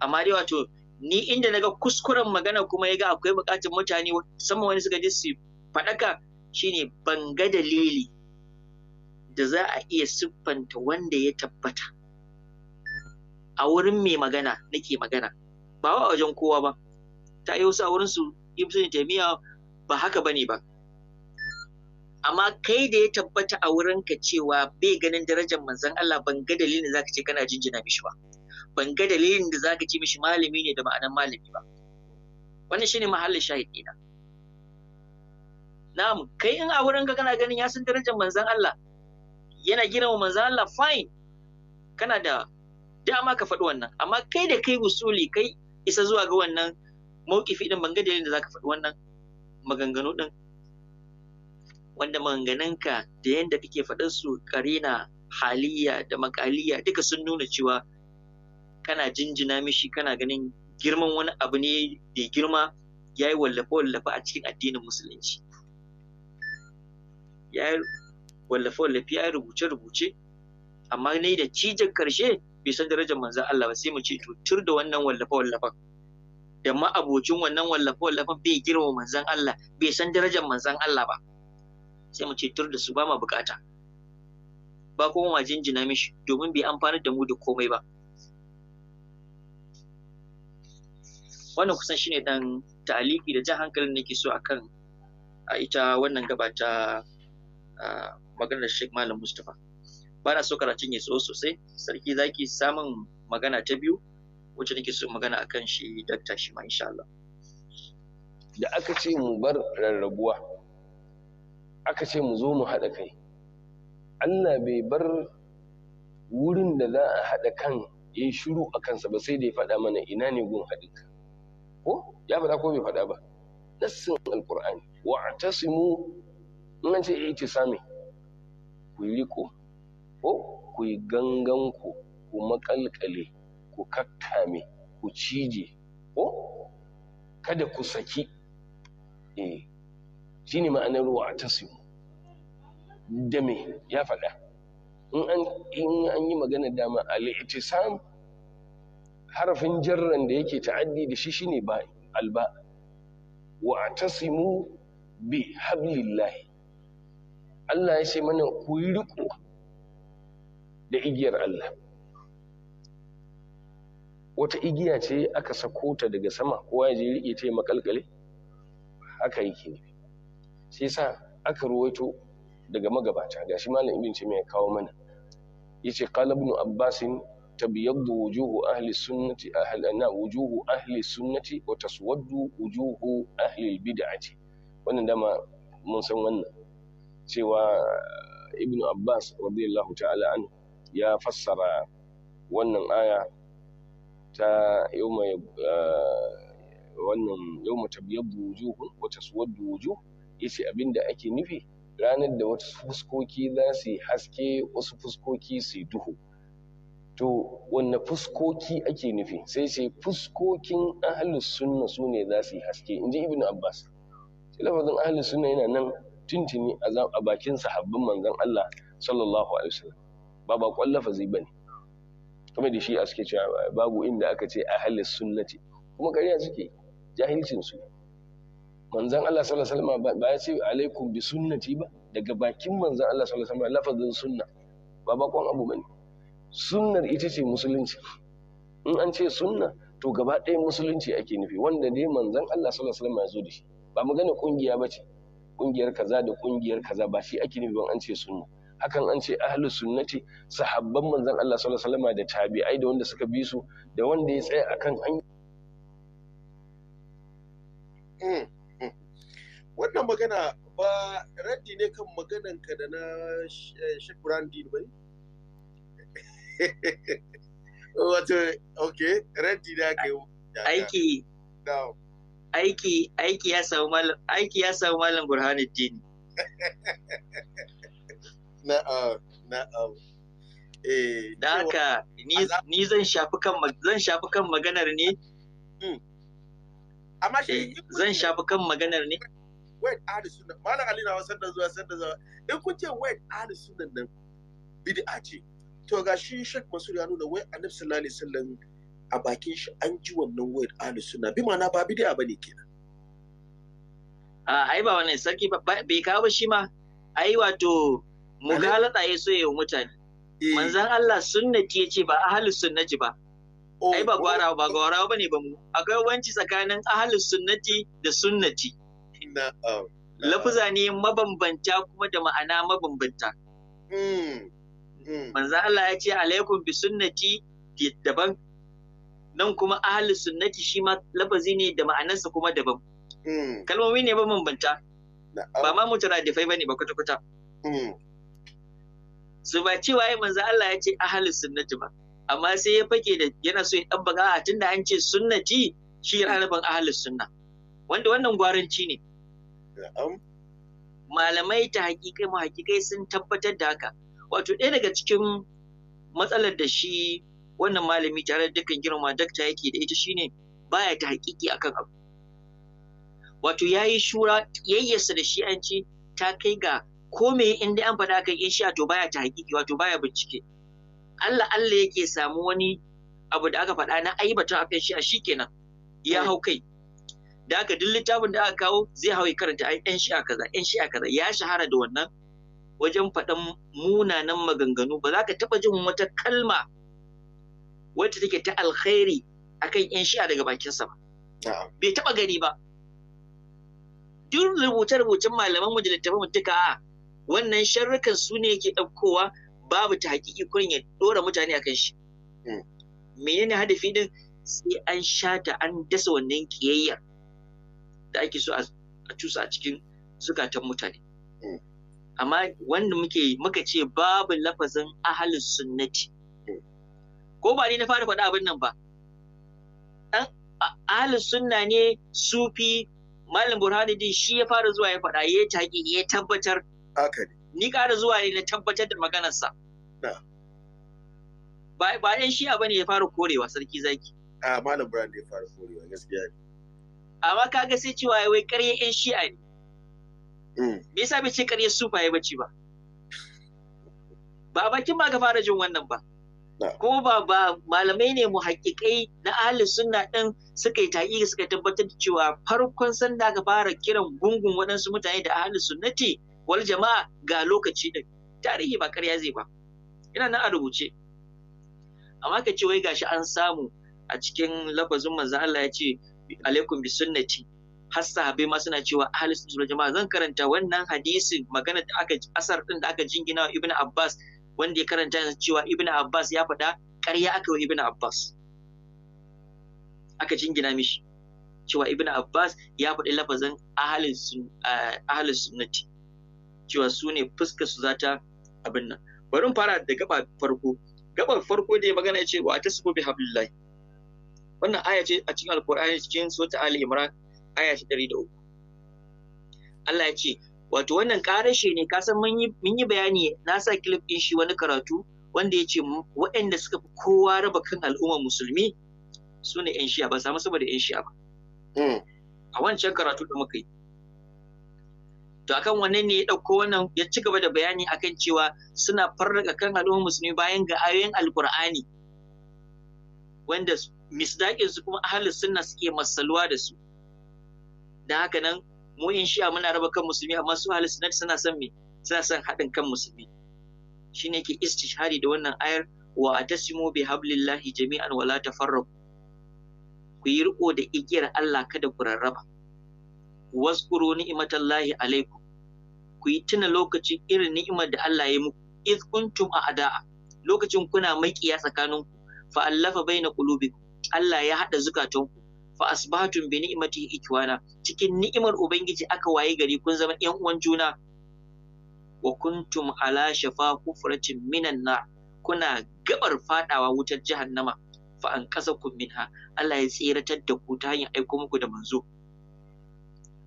amma dai wato ni inda naga kuskuren magana kuma ya ga akwai buƙatar mutane sama wani suka ji su faɗaka shine ban ga dalili da za a iya siffanta wanda ya tabbata a wurin mai magana nake magana ba wa wajen kowa ba ta yi wasu a wurin su ibn jami'a ba haka bane ba amma kai da ya tabbata a wurin ka cewa bai ganin darajar manzon Allah ban ga dalilin da zaka ce kana jinjina mishi ba ban ga dalilin da zaka ce mishi malami ne da ma'anan malami ba wannan shine mahallin shahid ɗina na'am kai in a wurin ka kana ganin ya san darajar manzon Allah yana gina wa manzon Allah fine kana da dama ka faɗi wannan amma kai da kai usuli kai isa zuwa ga wannan mawkifi din ban ga da zaka faɗi wannan maganganu din wanda maganganunka da yanda kake faɗin su karina haliya da makaliya duka sun nuna cewa kana jinjina mishi kana ganin girman wani abu ne da girma ya yi wallafa-wallafa a cikin addinin musulunci ya yi wallafa-wallafa, ya yi rubuce-rubuce amma ne da cijar karshe bai san darajar manzan Allah ba sai mu ce to tur da wannan wallafa wallafan da ma abocin wannan wallafa wallafan bai girma manzan Allah bai san darajar manzan Allah ba sai mu ce tur da su ba ma bukata ba kuma ma jinjina mishi domin bai amfani da mu da komai ba wannan kusan shine dan ta'aliki da jan hankalin nake so akan a ita wannan gaba ta maganar Sheikh Malam Mustapha bana na so karatun ya tsawo sosai sarki zaki samun magana ta biyu wacce nake so magana akan shi dakta shi ma insha Allah da aka ce mu bar rarrabuwa aka ce mu zo mu haɗa kai Allah bai bar wurin da za a haɗa kan ya yi shiru a kansa ba sai da ya faɗa mana ina ne gun haɗin ka ko ya faɗa ko bai faɗa ba nassin alƙur'ani wa atasimu in an ce i'tisami ku yi riko ko ku yi gangan ku ku makalkale ku kakkame ku cije ko kada ku saki eh ne ma'anar ruwa ta da me ya faɗa in an yi magana dama al sam? harafin jarran da yake ta'addi da shi shine ba alba wa tasimu bi hablillahi Allah ya ce mana ku yi riko da igiyar Allah wata igiya ce aka sako ta daga sama kowa ya je rike ta makalkale haka yake ne shi yasa aka ruwaito daga magabata gashi malam ibn ce mai kawo mana yace qala ibn abbas tabyaddu wujuhu ahli sunnati ahli anna wujuhu ahli sunnati wa taswaddu wujuhu ahli bid'ati wannan dama mun san wannan cewa ibn abbas radiyallahu ta'ala anhu ya fassara wannan aya ta yawma eh, wannan yawma tabyaddu wujuhun wa taswaddu wujuh yace abinda ake nufi ranar da wasu fuskoki za su haske wasu fuskoki su duhu to wanne fuskoki ake nufi sai sai fuskokin ahlus sunna su ne za su haske in ji ibnu abbas sai lafazin ahlus sunna yana nan tuntuni a bakin sahabban manzon Allah sallallahu alaihi wasallam ba ba kwallafa zai bane kamar da shi a suke cewa babu inda aka ce a halis sunnati kuma kariya suke jahilcin su manzan Allah sallallahu alaihi wasallam ba ya ce alaikum bi sunnati ba daga bakin manzan Allah sallallahu alaihi wasallam lafazin sunna ba bakon abu bane sunnar ita ce musulunci in an ce sunna to gaba ɗaya musulunci ake nufi wanda dai manzan Allah sallallahu alaihi wasallam ya zo da shi ba magana kungiya ba ce kungiyar kaza da kungiyar kaza ba shi ake nufi ban an ce sunna hakan an ce ahlus sunnati sahabban manzon Allah sallallahu alaihi wasallam da tabi'ai da wanda suka bi su da wanda ya tsaya akan an hmm, hmm. wannan magana ba raddi ne kan maganan ka da na Sheikh Brandin ba wato okay raddi da ke aiki aiki aiki ya samu malam aiki ya samu malam Burhanuddin na uh, na um, eh da haka ni ni zan shafi kan zan shafi kan maganar ne hmm. amma shi eh, zan shafi kan maganar ne wait ahli sunna malam ali na wasan da zuwa san da zuwa in kun ce wait ahli sunna nan bid'a ce to ga shi shek masu ya nuna wai annabi sallallahu alaihi wasallam a bakin shi an ji wannan wait ahli sunna bi ma'ana ba bid'a bane kenan a ah, ai ba wannan sarki ba bai kawo ba shi ma ai wato mugalata ya so yi mutane eh. manzan Allah sunnati ya ce ba ahalus sunnati ba oh, ai oh. ba gwarawa ba gwarawa ne ba mu akwai wanci tsakanin ahalus sunnati da sunnati lafuza ne mabambanta kuma da ma'ana mabambanta hmm. hmm. manzan Allah ya ce alaikum bi sunnati daban nan kuma ahalus sunnati shi ma lafazi ne da ma'anarsa kuma daban hmm. kalmomi ne mabambanta ba ma fai ba ne ba kwata-kwata su ba cewa ya manzo Allah ya ce halin sunnati ba amma sai ya fake da yana so ya ɗabbaga a tunda an ce sunnati shi yana a halin sunna wanda wannan gwaranci ne malamai ta hakikai mu hakikai sun tabbatar da haka wato ɗaya daga cikin matsalar da shi wannan malami tare da dukkan girma dakta yake da ita shine baya ta hakiki akan abu wato yayi shura yayyasa da shi an ce ta kai ga ko me in dai an faɗa akan in sha to baya ta hakiki wato baya bincike Allah Allah yake samu wani abu da aka faɗa na aibata akan a shikenan ya hau kai da aka duk littafin da aka kawo zai hau karanta ai in sha kaza in sha kaza ya shahara da wannan wajen faɗan munanan maganganu ba za ka taɓa jin wata kalma wacce take ta alkhairi akan yan sha daga bakinsa ba bai taɓa gani ba duk rubuce-rubucen malaman mu da littafin duka wannan sharrukan su ne yake ɗaukowa babu ta hakiki kurin ya ɗora mutane akan shi hmm. menene hadafi din sai an shata an dasa wannan kiyayya da ake so a cusa a cikin zukatan mutane hmm. amma wanda muke muka ce babu lafazin ahalin sunnati hmm. ko ba ni na fara faɗa abin nan ba ɗan ahalin sunna ne sufi malam burhanuddin shi ya fara zuwa ya faɗa ya taƙi ya tabbatar haka ne ni ƙara zuwa ne na tabbatar da maganarsa ba ba ɗan shi'a bane ya fara korewa sarki zaki a malam brand ya fara korewa gaskiya ne amma kaga sai cewa wai ƙarya ɗan shi'a ne hmm. me yasa bai ce ƙarya ya bace ba ba bakin ma ka fara jin wannan ba ko ba ba malamai ne mu hakikai na ahli sunna din suka yi taƙi suka tabbatar da cewa farkon sanda ka fara kiran gungun waɗansu mutane da ahli sunnati wal jama'a ga lokaci ɗin tarihi ba ƙarya zai ba ina nan a rubuce amma ka ce wai gashi an samu a cikin lafazin manzo Allah ya ce alaikum bi sunnati har sahabbai ma suna cewa ahli sunna jama'a zan karanta wannan hadisin magana da aka asar din da aka jingina wa ibnu abbas wanda ya karanta cewa ibnu abbas ya faɗa ƙarya aka wa ibnu abbas aka jingina mishi cewa ibnu abbas ya faɗi lafazin ahli eh, sunnati cewa su ne fuskar su zata abin nan bari fara da gaba farko gaba farko da ya magana ce wa tasbu bi hablillahi wannan aya ce a cikin alqur'ani cikin sura ali imran aya da 103 Allah ya ce wato wannan karashe ne kasan mun yi bayani na sa clip din shi wani karatu wanda ya ce waɗanda suka fi kowa raba kan al'ummar musulmi su ne 'yan shi'a ba samu saboda 'yan shi'a ba hmm. a wancan karatu da muka yi to akan wannan ne ya ɗauko wannan ya ci gaba da bayani akan cewa suna farraka kan al'ummar musulmi bayan ga ayoyin alkur'ani wanda misdaƙin su kuma ahalus sunna suke masaluwa da su Da haka nan mu in shi'a muna raba kan musulmi amma su ahalus sunna suna son me suna son haɗin kan musulmi shine yake istishhari da wannan ayar wa atasimu bi hablillahi jami'an wala tafarraqu ku yi riko da igiyar Allah kada ku rarraba waskuru ni'matallahi alaikum ku yi tuna lokacin irin ni'imar da Allah ya muku iz kuntum a ada'a lokacin kuna maƙiya tsakanin ku fa allafa baina qulubikum Allah ya hada zukatun ku fa asbahatum bi ni'matihi ikwana cikin ni'imar ubangiji aka waye gari kun zama yan uwan juna wa kuntum ala shafa kufratin minan nar kuna gabar fadawa wutar jahannama fa an kasa minha Allah ya tseratar da ku ta hanyar aiko muku da manzo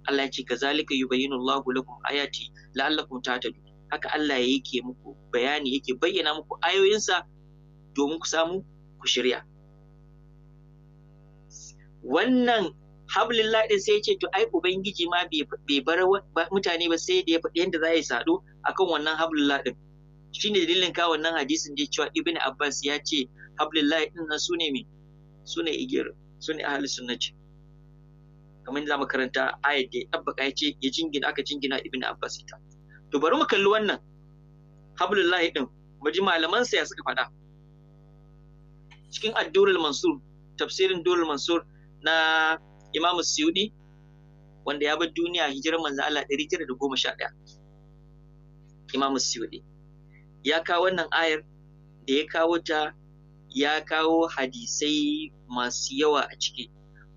Allah ya ce kazalika yubayinu Allahu lakum ayati la'allakum tatadu haka Allah ya yake muku bayani yake bayyana muku ayoyinsa domin ku samu ku shirya wannan hablillah din sai ce to ai ubangiji ma bai bar mutane ba sai da ya faɗi yadda za a yi sadu akan wannan hablillah din shine dalilin ka wannan hadisin da cewa ibn abbas ya ce hablillah din na sune me sune igir sune ahli sunnah kamar za makaranta ayat da ya tabbaka ya ce ya jingina aka jingina ibn abbas ita to bari mu kalli wannan hablullahi din mu malaman sa ya suka faɗa cikin addurul mansur tafsirin durul mansur na imam suyudi wanda ya bar duniya hijirar manzo Allah 1911 imam suyudi ya kawo wannan ayar da ya kawo ta ya kawo hadisai masu yawa a ciki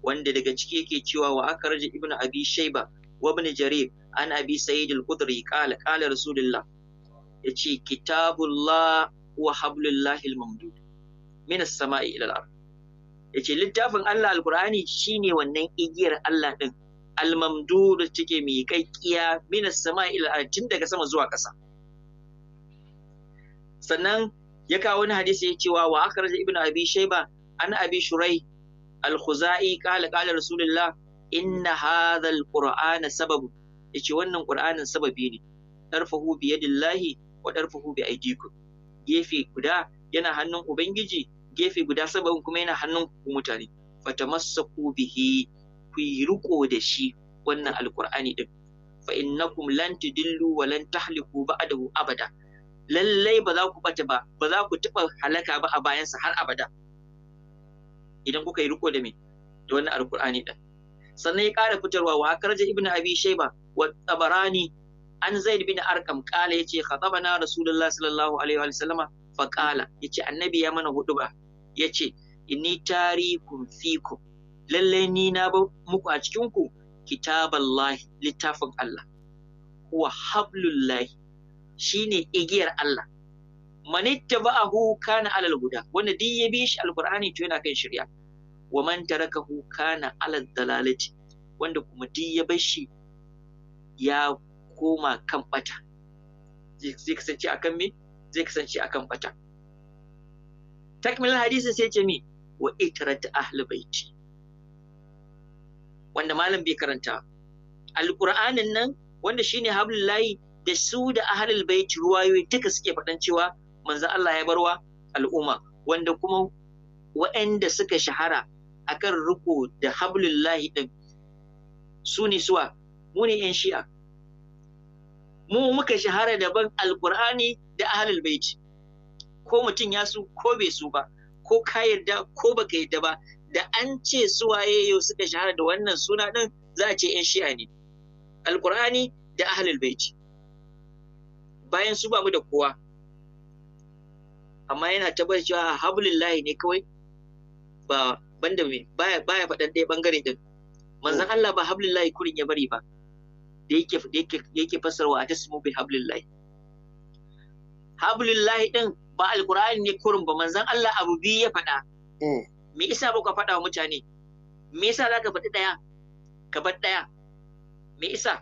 wanda daga ciki yake cewa wa akhraj ibn abi shayba wa ibn jarir an abi sa'id al-khudri qala qala rasulullah yace kitabullah wa hablullahi al-mamdud min as-sama'i ila al-ard yace littafin Allah al-Qur'ani shine wannan igiyar Allah din al-mamdud take mai kaikkiya min as-sama'i ila al-ard tun daga sama zuwa ƙasa sannan ya kawo wani hadisi ya cewa wa akhraj ibn abi shayba an abi shurai al-khuzai kala qala rasulullah inna hadha al-qur'ana sababu yace wannan qur'anin sababi ne darfahu bi yadillahi wa darfahu bi aydikum gefe guda yana hannun ubangiji gefe guda sababin kuma yana hannun mutane fatamassaku bihi ku yi riko da shi wannan alqur'ani din fa innakum lan tudillu wa lan tahliku ba'dahu abada lallai ba za ku bata ba ba za ku taɓa halaka ba a bayansa har abada idan kuka yi riko da me da wannan alqur'ani din sannan ya ƙara fitarwa wa karja ibnu abi shayba wa tabarani an zaid bin arkam qala yace khatabana rasulullah sallallahu alaihi wa sallama fa qala yace annabi ya mana huduba yace inni tarikum fikum lalle ni na ba muku a cikin ku kitaballahi littafin Allah huwa hablullahi shine igiyar Allah man ittaba'ahu kana alal huda wanda duk ya bi shi alqur'ani to yana kan shari'a wa man tarakahu kana alal dalalati wanda kuma duk ya bar shi ya koma kan bata zai kasance akan me zai kasance akan bata takmilin hadisi sai ce me wa itrat ahli baiti wanda malam bai karanta alqur'anin nan wanda shine hablullahi da su da ahlul bait ruwayoyi duka suke faɗan cewa manzon Allah ya barwa al'umma wanda kuma waɗanda suka shahara akan riko da hablullahi din su ne suwa mu ne 'yan shi'a mu muka shahara daban alqur'ani da ahlul bait ko mutum ya su ko bai su ba ko ka yarda ko baka yarda ba da an ce suwaye yau suka shahara da wannan suna din za a ce 'yan shi'a ne alkur'ani da ahlul bait bayan su ba mu da kowa amma yana tabbata cewa layi ne kawai ba banda me baya baya faɗan ɗaya bangare din manzon Allah ba layi kurin ya bari ba da yake da yake fassarwa a tasmu bi hablullahi layi din ba alqur'ani ne kurin ba manzon Allah abu biyu ya faɗa mm. me isa ba ka faɗa wa mutane me yasa za ka faɗi ɗaya ka bar ɗaya me isa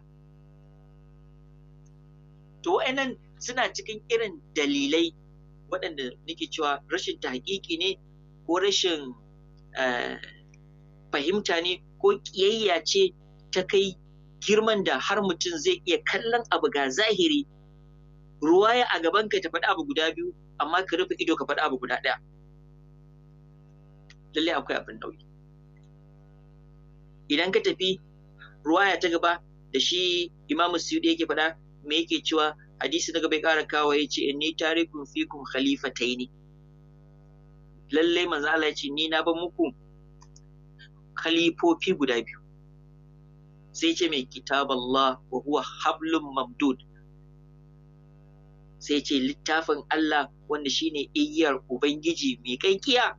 to wa'annan suna cikin irin dalilai waɗanda nake cewa rashin tahqiqi ne ko rashin eh, fahimta ne ko ƙiyayya ce ta kai girman da har mutum zai iya kallon abu ga zahiri ruwaya a gaban ka ta faɗi abu guda biyu amma ka rufe ido ka faɗi abu guda ɗaya lallai akwai abin nauyi idan ka tafi ruwaya ta gaba da shi imamu suyuɗi yake faɗa me yake cewa hadisi daga bai ƙara kawo ya ce inni tarikun yi ne lallai manzo Allah ya ce ni na ba muku khalifofi guda biyu sai ce mai kitab Allah wa huwa hablum mamdud sai ce littafin Allah wanda shine iyyar ubangiji mai kankiya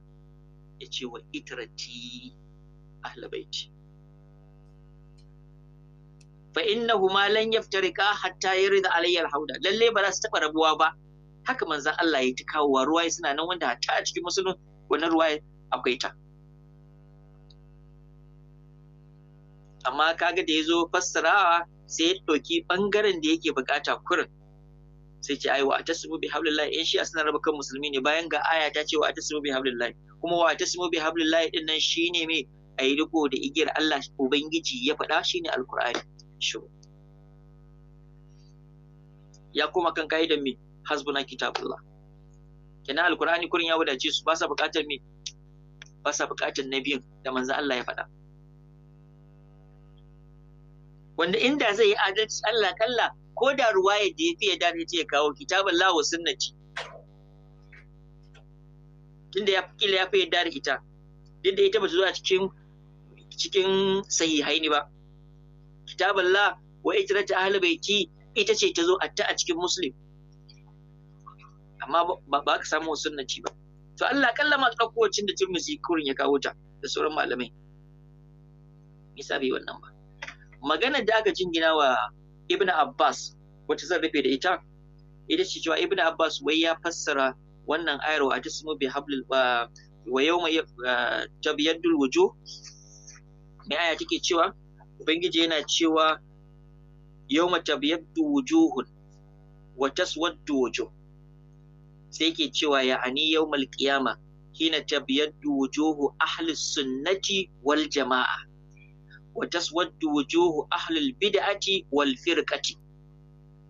ya ce wa itrati ahlabaiti fa huma lan yaftarika hatta yarida alayya alhauda lalle ba za su taba rabuwa ba haka manzon Allah ya ta kawowa ruwaye suna nan wanda hatta a cikin musulun wannan ruwaye akwai ta amma kaga da ya zo fassarawa sai ya ɗauki ɓangaren da yake bukata kurin sai ce ai wa atasimu bi hablillahi in shi suna raba kan musulmi ne bayan ga aya ta ce wa atasimu bi hablillahi kuma wa atasimu bi hablillahi din nan shine me ayi riko da igiyar Allah ubangiji ya faɗa shine alqur'ani shiru ya koma kan ka'idan mai hasbuna kitabullah kenan alkur'ani kurin ya wadace su ba sa buƙatar me ba sa bukatar nabiyin da manzo Allah ya faɗa wanda inda zai yi adalci Allah kalla ko da ruwaya da ya dace ya kawo kitabullah wa sunnati tunda ya kila ya fi yadda da ita duk da ita ba ta zo a cikin cikin sahihai ne ba kitaballah wa ijrata ahli baiti ita ce ta zo a ta a cikin muslim amma ba ka samu sunnati ba to Allah kalla ma ɗauko wacin da Tirmidhi kurin ya kawo ta da sauran malamai nisa bai wannan ba magana da aka jingina wa Ibn Abbas wata zan rufe da ita ita ce cewa Ibn Abbas wai ya fassara wannan ayar wa atismu bi hablil wa yawma ah, tabyaddul wujuh mai aya take cewa ubangiji yana cewa biyar tabyaddu wujuhun wa taswaddu wujuh sai ke cewa ya ani kina ta hina tabyaddu wujuhu ahli sunnati wal jama'a wa taswaddu wujuhu ahli bid'ati wal firqati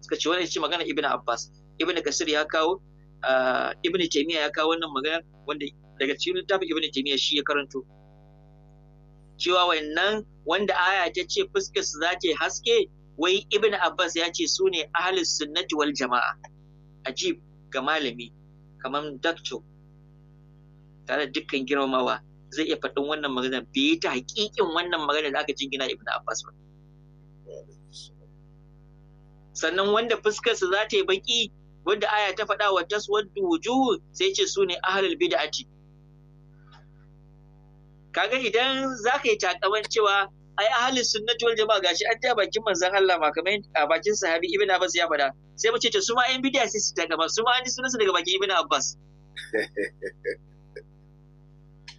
suka ce wannan shi magana ibnu abbas ibnu kasir ya kawo ah, ibnu taymiya ya kawo wannan magana wanda daga cikin littafin ibnu taymiya shi ya karanto cewa wannan wanda aya ta ce fuskar su za ta haske wai ibn abbas ya ce su ne ahlus sunnati wal jama'a ajib ga malami kamar dakto tare dukkan girmamawa zai iya faɗin wannan magana bai ta haƙiƙin wannan magana da aka jingina ibn abbas ba sannan wanda fuskarsa za ta yi baki wanda aya ta faɗa wa taswaddu wujuh sai ce su ne ahlul bid'ati kaga idan za ka yi takaman cewa ai ahalin sunnati wal jama'a gashi an taya bakin manzon Allah ma kamar a bakin sahabi ibn Abbas ya faɗa sai mu ce to su ma ayin bidiya sai su takama su ma an ji sunansa daga bakin ibn Abbas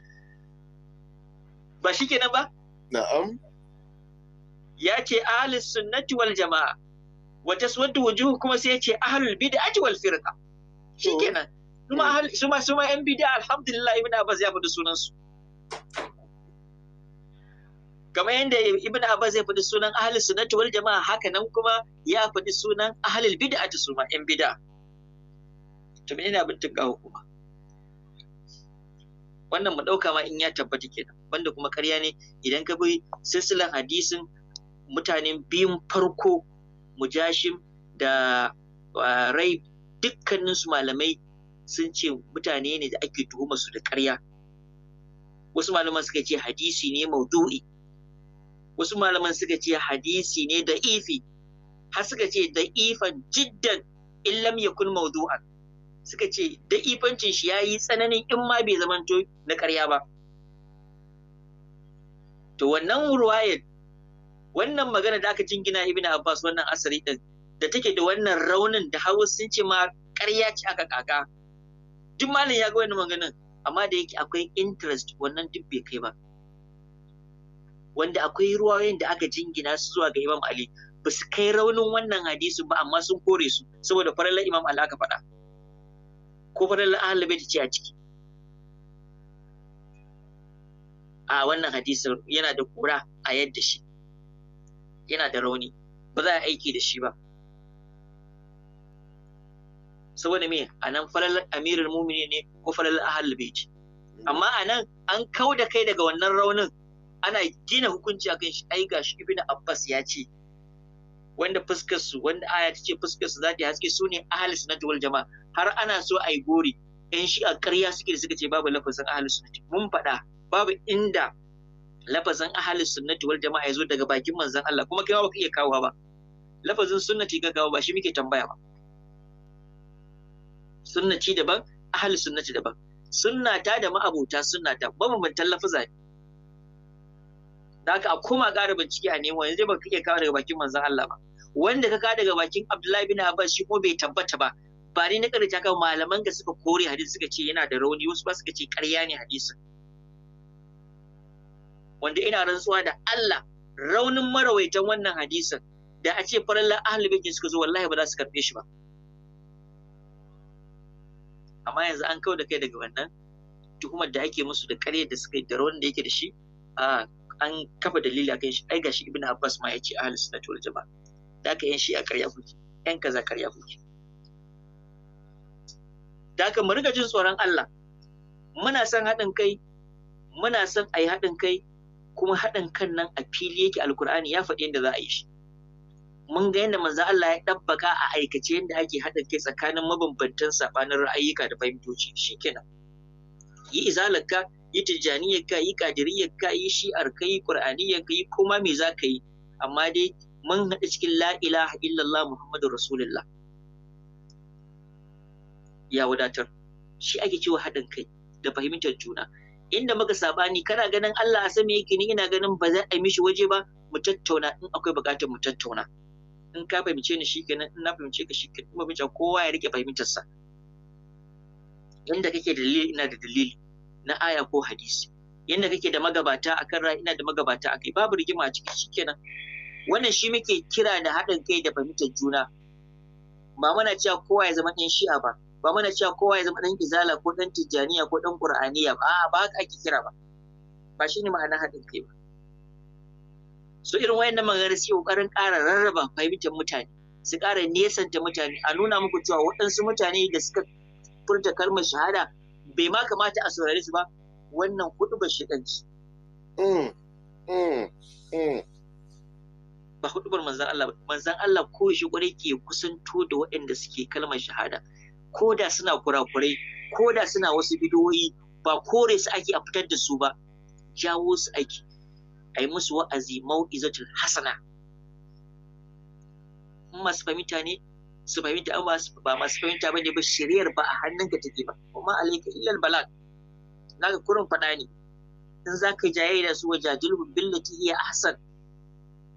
ba shi kenan ba na'am ya ce ahalin sunnati wal jama'a wata suwaddu wujuhu kuma sai ya ce ahalul bid'ati wal firqa shikenan kuma Suma suma ma su yan bid'a alhamdulillah ibn Abbas ya faɗi sunansu kamar yadda ibn abbas zai faɗi sunan ahli sunnati wal jama'a haka nan kuma ya faɗi sunan ahli bid'a ta suma yan bid'a to menene abin tuka hukuma wannan mu dauka ma in ya tabbata kenan wanda kuma ƙarya ne idan ka bi silsilan hadisin mutanen biyun farko mujashim da rai dukkaninsu malamai sun ce mutane ne da ake tuhuma su da ƙarya wasu malaman suka ce hadisi ne maudu'i wasu malaman suka ce hadisi ne da ifi har suka ce da ifan jiddan in lam yakun maudu'an suka ce da ifancin shi yayi tsananin in ma bai zamanto na ƙarya ba to wannan ruwayat wannan magana da aka jingina ibn abbas wannan asari din da take da wannan raunin da hawa sun ce ma ƙarya ce aka kaka duk malin ya ga wannan maganin amma da yake akwai interest wannan duk bai kai ba wanda akwai ruwayoyin da aka jingina su zuwa ga Imam Ali ba su kai raunin wannan hadisu ba amma sun kore su saboda farallar Imam Ali aka faɗa ko farallar Ahlul Bait ce a ciki a wannan hadisin yana da kura a yadda shi yana da rauni ba za a aiki da shi ba saboda me a nan falalar amirul mumini ne kufar bai bait hmm. amma anan an kau da kai daga wannan raunin ana gina hukunci akan shi ai gashi ibnu abbas ya ce wanda fuskar su wanda aya ta ce fuskar su za ta haske su ne ahal sunnati wal jama'a har ana so ai gori in shi a ƙarya suke da suka ce babu lafazin ahal sunnati mun faɗa babu inda lafazin ahal sunnati wal jama'a ya zo daga bakin manzon Allah kuma kai ba ka iya kawo ba lafazin sunnati ka kawo ba shi muke tambaya ba sunnati daban ahli sunnati daban sunna ta da ma'abota sunna ta mabambantan lafaza ne haka a koma ƙara bincike a nemo yanzu ba ka iya kawo daga bakin manzon Allah ba wanda ka kawo daga bakin Abdullahi bin Abbas shi kuma bai tabbata ba ba ni na karanta kan malaman da suka kore hadisi suka ce yana da rauni wasu ba suka ce ƙarya ne hadisin wanda ina rantsuwa da Allah raunin marawaitan wannan hadisin da a ce farallan ahlul baiti suka zo wallahi ba za su karɓe shi ba amma yanzu an kawo da kai daga wannan tuhumar da ake musu da ƙarya da suka yi da rawan da yake da shi a an kafa dalili a kan shi ai gashi ibnu abbas ma ya ce ahli sunnati wal jama'a da ka yan shi a ƙarya kuke yan kaza ƙarya kuke da ka mu riga jin tsoron Allah muna son haɗin kai muna son a yi haɗin kai kuma haɗin kan nan a fili yake alkur'ani ya faɗi yadda za a yi shi mun ga yadda manzo Allah ya ɗabbaka a aikace yadda ake haɗa kai tsakanin mabambantan sabanin ra'ayika da fahimtoci kenan, yi izalarka yi tijjaniyarka yi ƙadiriyarka yi shi'arka yi qur'aniyarka yi kuma me za ka yi amma dai mun haɗa cikin la ilaha illallah muhammadu Rasulillah. ya wadatar shi ake cewa haɗin kai da fahimtar juna inda muka sabani kana ganin Allah a sama yake ni ina ganin ba za a yi mishi waje ba mu tattauna in akwai buƙatar mu tattauna in ka fahimce ni shikenan in na fahimce ka shikenan kuma bincin kowa ya rike fahimtarsa inda kake da dalili ina da dalili na aya ko hadisi yanda kake da magabata akan ra ina da magabata akai babu rigima a ciki shikenan wannan shi muke kira da haɗin kai da fahimtar juna ba muna cewa kowa ya zama ɗan shi'a ba ba muna cewa kowa ya zama ɗan izala ko ɗan tijjaniya ko ɗan ƙur'aniya ba a ba haka ake kira ba ba shi ne ma'ana haɗin kai ba so irin wayannan magana su kokarin ƙara rarraba fahimtar mutane su ƙara nesanta mutane a nuna muku cewa waɗansu mutane da suka furta kalmar shahada bai ma kamata a saurare su ba wannan kudu mm, mm, mm. ba ɗanci. Ba hudubar manzan Allah ba, manzan Allah ko shi kwarai ke kusanto da waɗanda suke kalmar shahada, ko da suna kurakurai, ko da suna wasu bidiyoyi ba kore su ake a fitar da su ba, jawo su ake. a yi musu wa'azi mau'izatul hasana in masu fahimta ne su fahimta an ba masu fahimta bane ba shiriyar ba a hannunka take ba kuma alaika illal balag naga kurin fada ne in za ka jaye da su wajajilhum billati hiya ahsan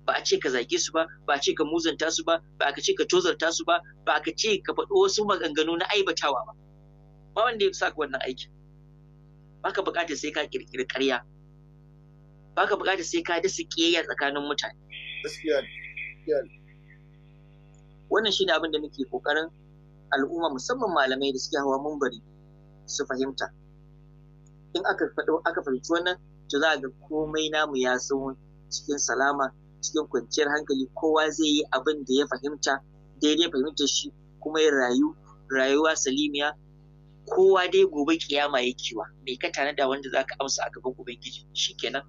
ba a ce ka zage su ba ba a ce ka muzanta su ba ba a ce ka tozarta su ba ba a ce ka faɗo wasu maganganu na aibatawa ba ba wanda ya sa wannan aikin baka buƙatar sai ka ƙirƙiri ƙarya baka bukata sai ka dasa ƙiyayya tsakanin mutane gaskiya wannan shine abin da muke kokarin al'umma musamman malamai da suke hawa mumbari su fahimta in aka aka fahimci wannan to za ga komai namu ya sun cikin salama cikin kwanciyar hankali kowa zai yi abin da ya fahimta daidai fahimta shi kuma ya rayu rayuwa salimiya kowa dai gobe kiyama ya wa mai ka tanada wanda zaka amsa a gaban shi kenan?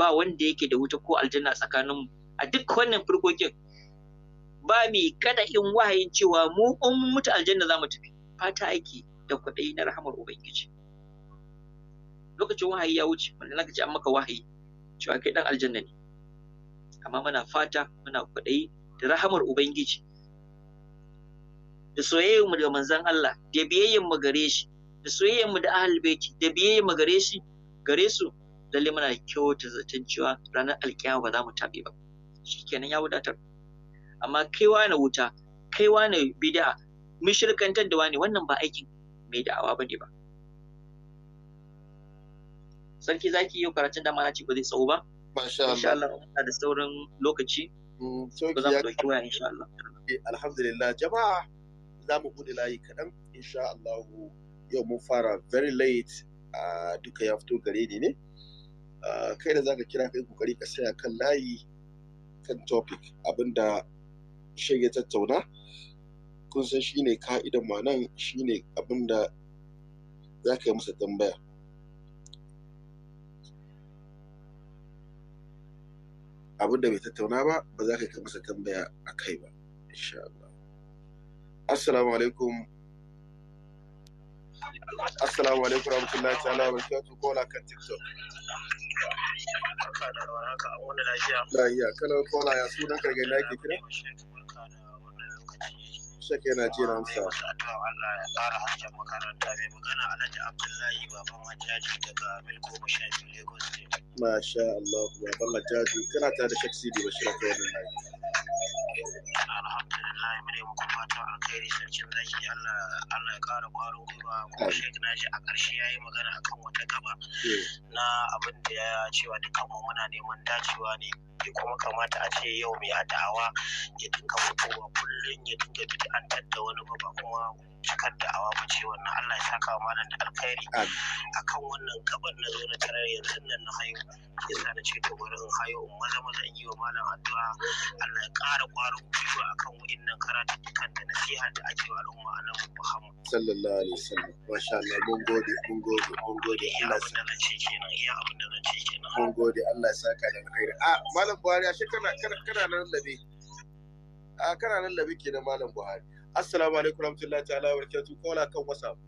ba wanda yake da wuta ko aljanna tsakaninmu a duk wannan firkokin ba mi kada in wahayin cewa mu in mun mutu aljanna za mu tafi fata aiki da kwaɗayi na rahamar ubangiji lokacin wahayi ya wuce wanda na ce an maka wahayi cewa kai dan aljanna ne amma muna fata muna kwaɗayi da rahamar ubangiji da soyayyar mu da manzon Allah da biyayyar mu gare shi da soyayyar mu da ahlul baiti da biyayyar mu gare shi gare su lallai muna kyauta zaton cewa ranar alkiyama ba za mu taɓe ba shikenan ya wadatar amma kaiwa na wuta kaiwa na bid'a mishirkantar da wani wannan ba aikin mai da'awa bane ba sarki zaki yi karatun da mana ce ba zai tsawo ba insha Allah muna da sauran lokaci mm, ba za mu dauki waya insha Allah eh, alhamdulillah jama'a za mu bude layi kaɗan insha Allah yau mun fara very late ah, duka ya fito gare ni ne Ah, kai da zaka kira kai kokari ka saya kan layi kan topic abinda shi ya tattauna kun san shine ka'idan ma nan shine abinda za ka yi masa tambaya abin da bai tattauna ba ba za ka yi masa tambaya a kai ba insha Allah assalamu alaikum assalamu alaikum rahmatullahi ta'ala wa barakatuh kola kan tiktok barka da warhaka an wani lafiya lafiya kalan kola ya sunan karge da ake kira shek yana jira amsa Allah ya ƙara hasken makaranta mai magana Alhaji Abdullahi baban Majaji daga Milko Mashafi Lagos State masha Allah baban Majaji kana tare da shek Sidi Bashir ta wannan lafiya alhamdulillah mune muku fatan alkhairi sarkin zaki Allah Allah ya kara kwarin gwiwa kuma Sheikh Naji a ƙarshe yayi magana akan wata gaba na abin da ya cewa dukkan mu muna neman dacewa ne bai kuma kamata a ce yau mai adawa ya dinga fitowa kullum ya dinga bid'antar da wani ba kuma cikar awa ba ce wannan Allah ya saka wa malam da alkhairi akan wannan gaban na zo na tarar yanzu nan na hayo sa na ce to bari in hayo in maza maza in yi wa malam addu'a Allah ya ƙara ƙwarin gwiwa akan karatu dukkan da nasiha da ake wa al'umma a nan Muhammad sallallahu alaihi wasallam masha Allah mun gode mun gode mun gode Allah ya saka ce kenan iya abin da zan ce kenan mun gode Allah ya saka da alkhairi a ah, malam Buhari ashe kana kana nan labe a ah, kana nan labe kenan malam Buhari assalamu alaikum rahmatullahi ta'ala wa barakatuh kola kan whatsapp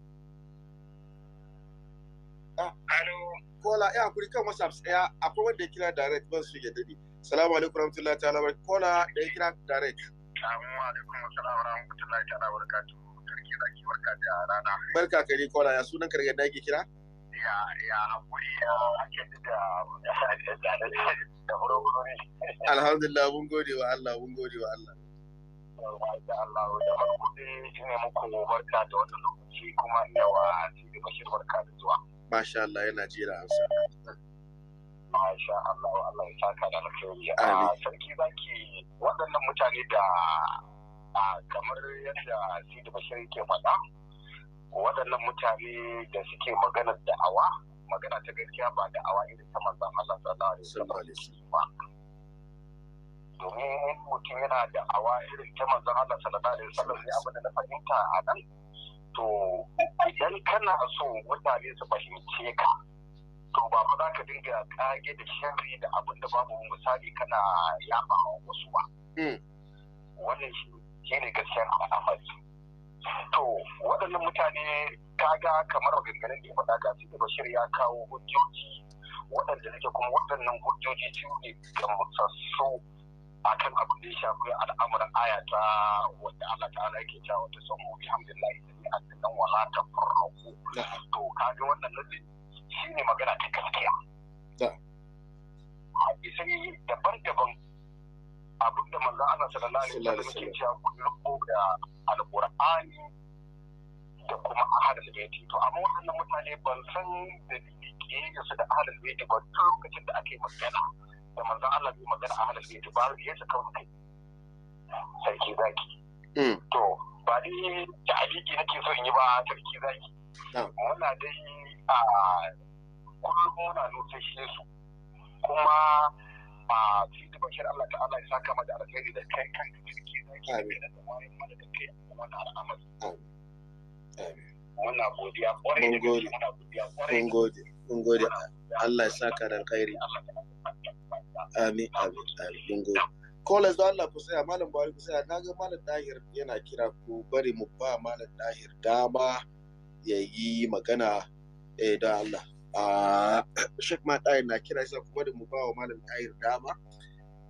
Alo. Kola, ya kuri kan WhatsApp tsaya akwai wanda ya kira direct ban su ya dade. assalamu alaikum warahmatullahi ta'ala wa Kola da ya kira direct. assalamu alaikum warahmatullahi ta'ala wa barakatuh. da ki barka da rana. Barka kare Kola, ya sunan karga da yake kira? Ya ya hakuri ya ake da da da da da da da da da da da da Allah da farko dai ina muku barka da wannan lokaci kuma ina wa Sidi Bashir barka da zuwa. Masha Allah yana jira amsa. Masha Allah Wa Allah ya saka da alkhairi. Sarki zaki waɗannan mutane da kamar yadda Sidi Bashir yake faɗa waɗannan mutane da suke maganar da'awa magana ta gaskiya ba da'awa irin ta manzon Allah sallallahu alaihi wasallam ba. domin mutum yana da awa irin ta manzon Allah sallallahu alaihi wasallam ne abin da na fahimta a nan to idan kana so mutane su fahimce ka to ba fa za ka dinga kage da sharri da abin da babu misali kana yaba wasu ba hmm. wannan shi ne gaskiyar al'amari to waɗannan mutane kaga kamar maganganun da ya faɗa ga su ya kawo hujjoji waɗanda nake kuma waɗannan hujjoji ciwo ne gamsassu akan abu da ya shafi al'amuran aya ta wanda Allah ta'ala yake cewa wata san mu ne an sannan wala Ta tafarraqu to kaga wannan lalle shine magana ta gaskiya da a sai daban-daban abin da manzo Allah sallallahu alaihi wasallam yake cewa ku da alqur'ani da kuma ahadul baiti to amma wannan mutane ban san da dike su da ahadul baiti ba lokacin da ake magana da manzon Allah bai magana a halal bai ba ya saka kai sarki zaki mm. to ba dai da aliki nake so in yi ba sarki zaki muna dai a kullum muna nutsashe su kuma a cikin bashir Allah ta'ala ya saka da alkhairi da kai kan sarki zaki da kuma da kai kuma da al'amari muna godiya kwarai da gaske muna godiya kwarai mun gode mun gode Allah ya saka da alkhairi amin amin amin gode kolas da Allah ku malam Buhari ku malam Dahir yana kira ku bari mu ba malam Dahir dama ya yi magana eh da Allah a ah, Sheikh Malam Dahir na kira sai ku bari mu ba wa malam Dahir dama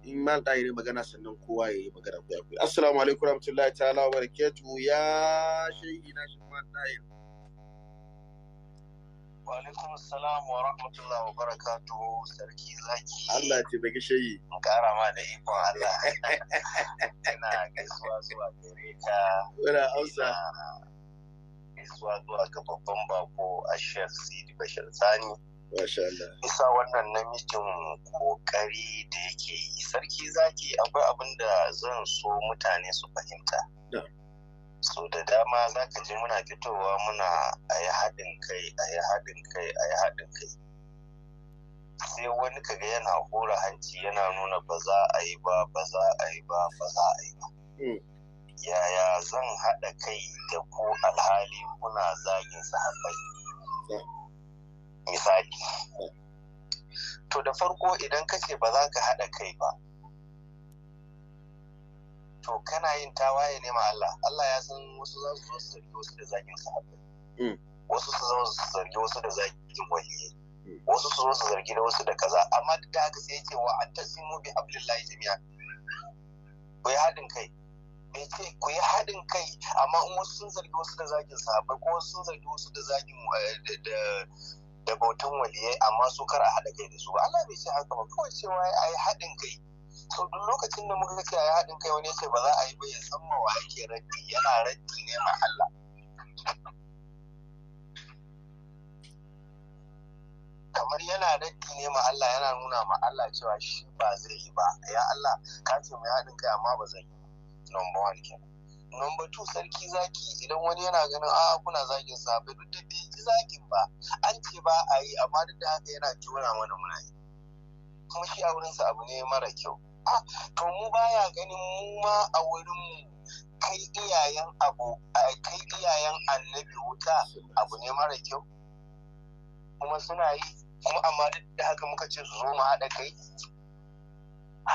in Dahir magana sannan kowa ya yi magana ku assalamu alaikum warahmatullahi ta'ala wa barakatuh ya shehi na Sheikh Malam Dahir Wa alaikum salam wa rahmatullahi wa barakatuhu sarki zaki. Allah ce baki shayi. In kara ma da ikon Allah. Ina gaisuwa zuwa gare ka. Hausa. Gaisuwa zuwa ga babban bako a Sheikh Sidi Bashir Sani. Masha Allah. wannan namijin kokari da yake yi sarki zaki akwai abin da zan so mutane su fahimta. Su da dama za ka ji muna fitowa muna a yi haɗin kai a yi haɗin kai a yi haɗin kai sai wani kaga yana hura hanci yana nuna ba za a yi ba ba za a yi ba ba za a yi ba hmm. yaya zan haɗa kai da ku alhali kuna zagin sahabbai misali to da farko idan kace ba za ka haɗa kai ba to kana yin tawaye ne ma Allah Allah ya san wasu za su zo su zargi wasu da zagin sahabbai hmm. wasu su zo su zargi wasu da zagin waliyyi hmm. wasu su zo su zargi da wasu da kaza amma duk da haka sai yake wa antasimu bi abdullahi jami'a ku yi haɗin kai bai ce ku yi haɗin kai amma in wasu sun zargi wasu da zagin sahabbai ko wasu sun zargi wasu da zagin eh, da bautan waliyai amma su kar a haɗa kai da su ba Allah bai ce haka ba kawai cewa ai yi haɗin kai to duk lokacin da muka ce ya haɗin kai wani ce ba za a yi ba ya san ma wa yake raddi yana raddi ne ma Allah kamar yana raddi ne ma Allah yana nuna ma Allah cewa shi ba zai yi ba ya Allah ka ce ya haɗin kai amma ba zai yi number 1 kenan number 2 sarki zaki idan wani yana ganin a kuna zagin sabai duk da bai ji zagin ba an ce ba a yi amma duk da haka yana jona mana muna yi kuma shi a wurinsa abu ne mara kyau a to mu baya ganin mu ma a wurin mu kai iyayen abu kai iyayen annabi wuta abu ne mara kyau kuma suna yi kuma amma duk da haka muka ce su zo mu haɗa kai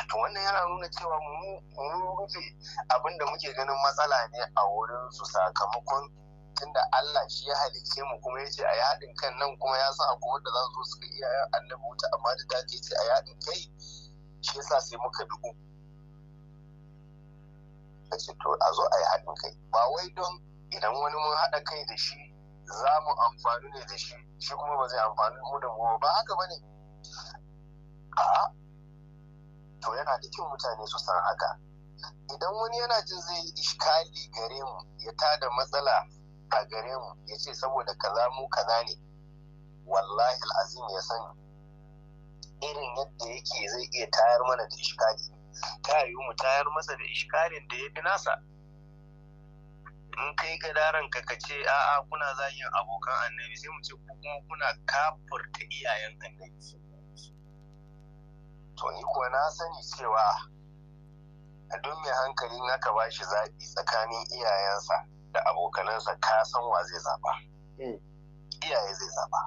to wannan yana nuna cewa mu rufe da muke ganin matsala ne a wurin su sakamakon tunda Allah shi ya halicce mu kuma ya ce a yaɗin kan nan kuma ya sa akwai wanda za su zo su ga iyayen annabi wuta amma duk da ce a yaɗin kai shi yasa sai muka dubu a ce to a zo a yi haɗin kai ba wai don idan wani mun haɗa kai da shi za mu amfani ne da shi shi kuma ba zai amfani mu da mu ba haka ba ne a to yana da kyau mutane su san haka idan wani yana jin zai yi ishkali gare mu ya tada matsala a gare mu ya ce saboda kaza mu kaza ne wallahi al'azim ya sani irin yadda yake zai iya tayar mana da ishkari ta mu tayar masa da ishkarin da ya fi nasa in kai ga daren ka ka ce a'a kuna zagin abokan annabi sai mu ce ku kuma kuna kafurta iyayen annabi to ni kuwa na sani cewa a duk mai hankali na ka bashi zaɓi tsakanin iyayensa da abokanansa ka san wa zai zaɓa hmm. iyaye zai zaɓa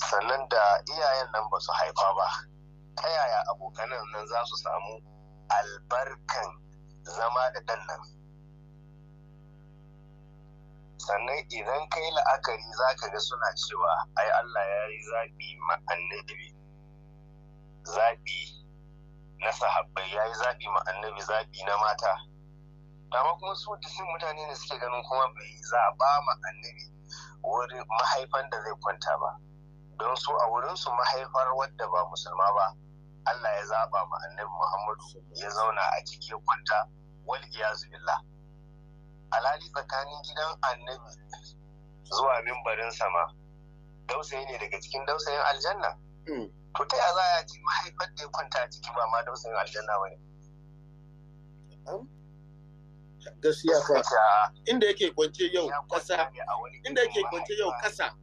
sannan da iyayen nan ba su haifa ba ta yaya abokanan nan za su samu albarkan zama da ɗan nan sannan idan ka yi la'akari za ka ga suna cewa ai Allah ya yi zaɓi ma'annabi zaɓi na sahabbai ya yi zaɓi ma'annabi zaɓi na mata dama kuma su disin mutane ne suke ganin kuma bai zaɓa ma'annabi wurin mahaifan da zai kwanta ba don su a wurinsu mahaifar wadda ba musulma ba Allah ya zaba ma annabi Muhammadu ya zauna a cikin kwanta wal iyazu billah alhali tsakanin gidan annabi zuwa mimbarin sama dausayi ne daga cikin dausayin aljanna hmm. to ta ya za a ce mahaifar da ya kwanta a ciki ba ma dausayin aljanna ba ne gaskiya fa inda yake kwance yau kasa inda yake kwance yau kasa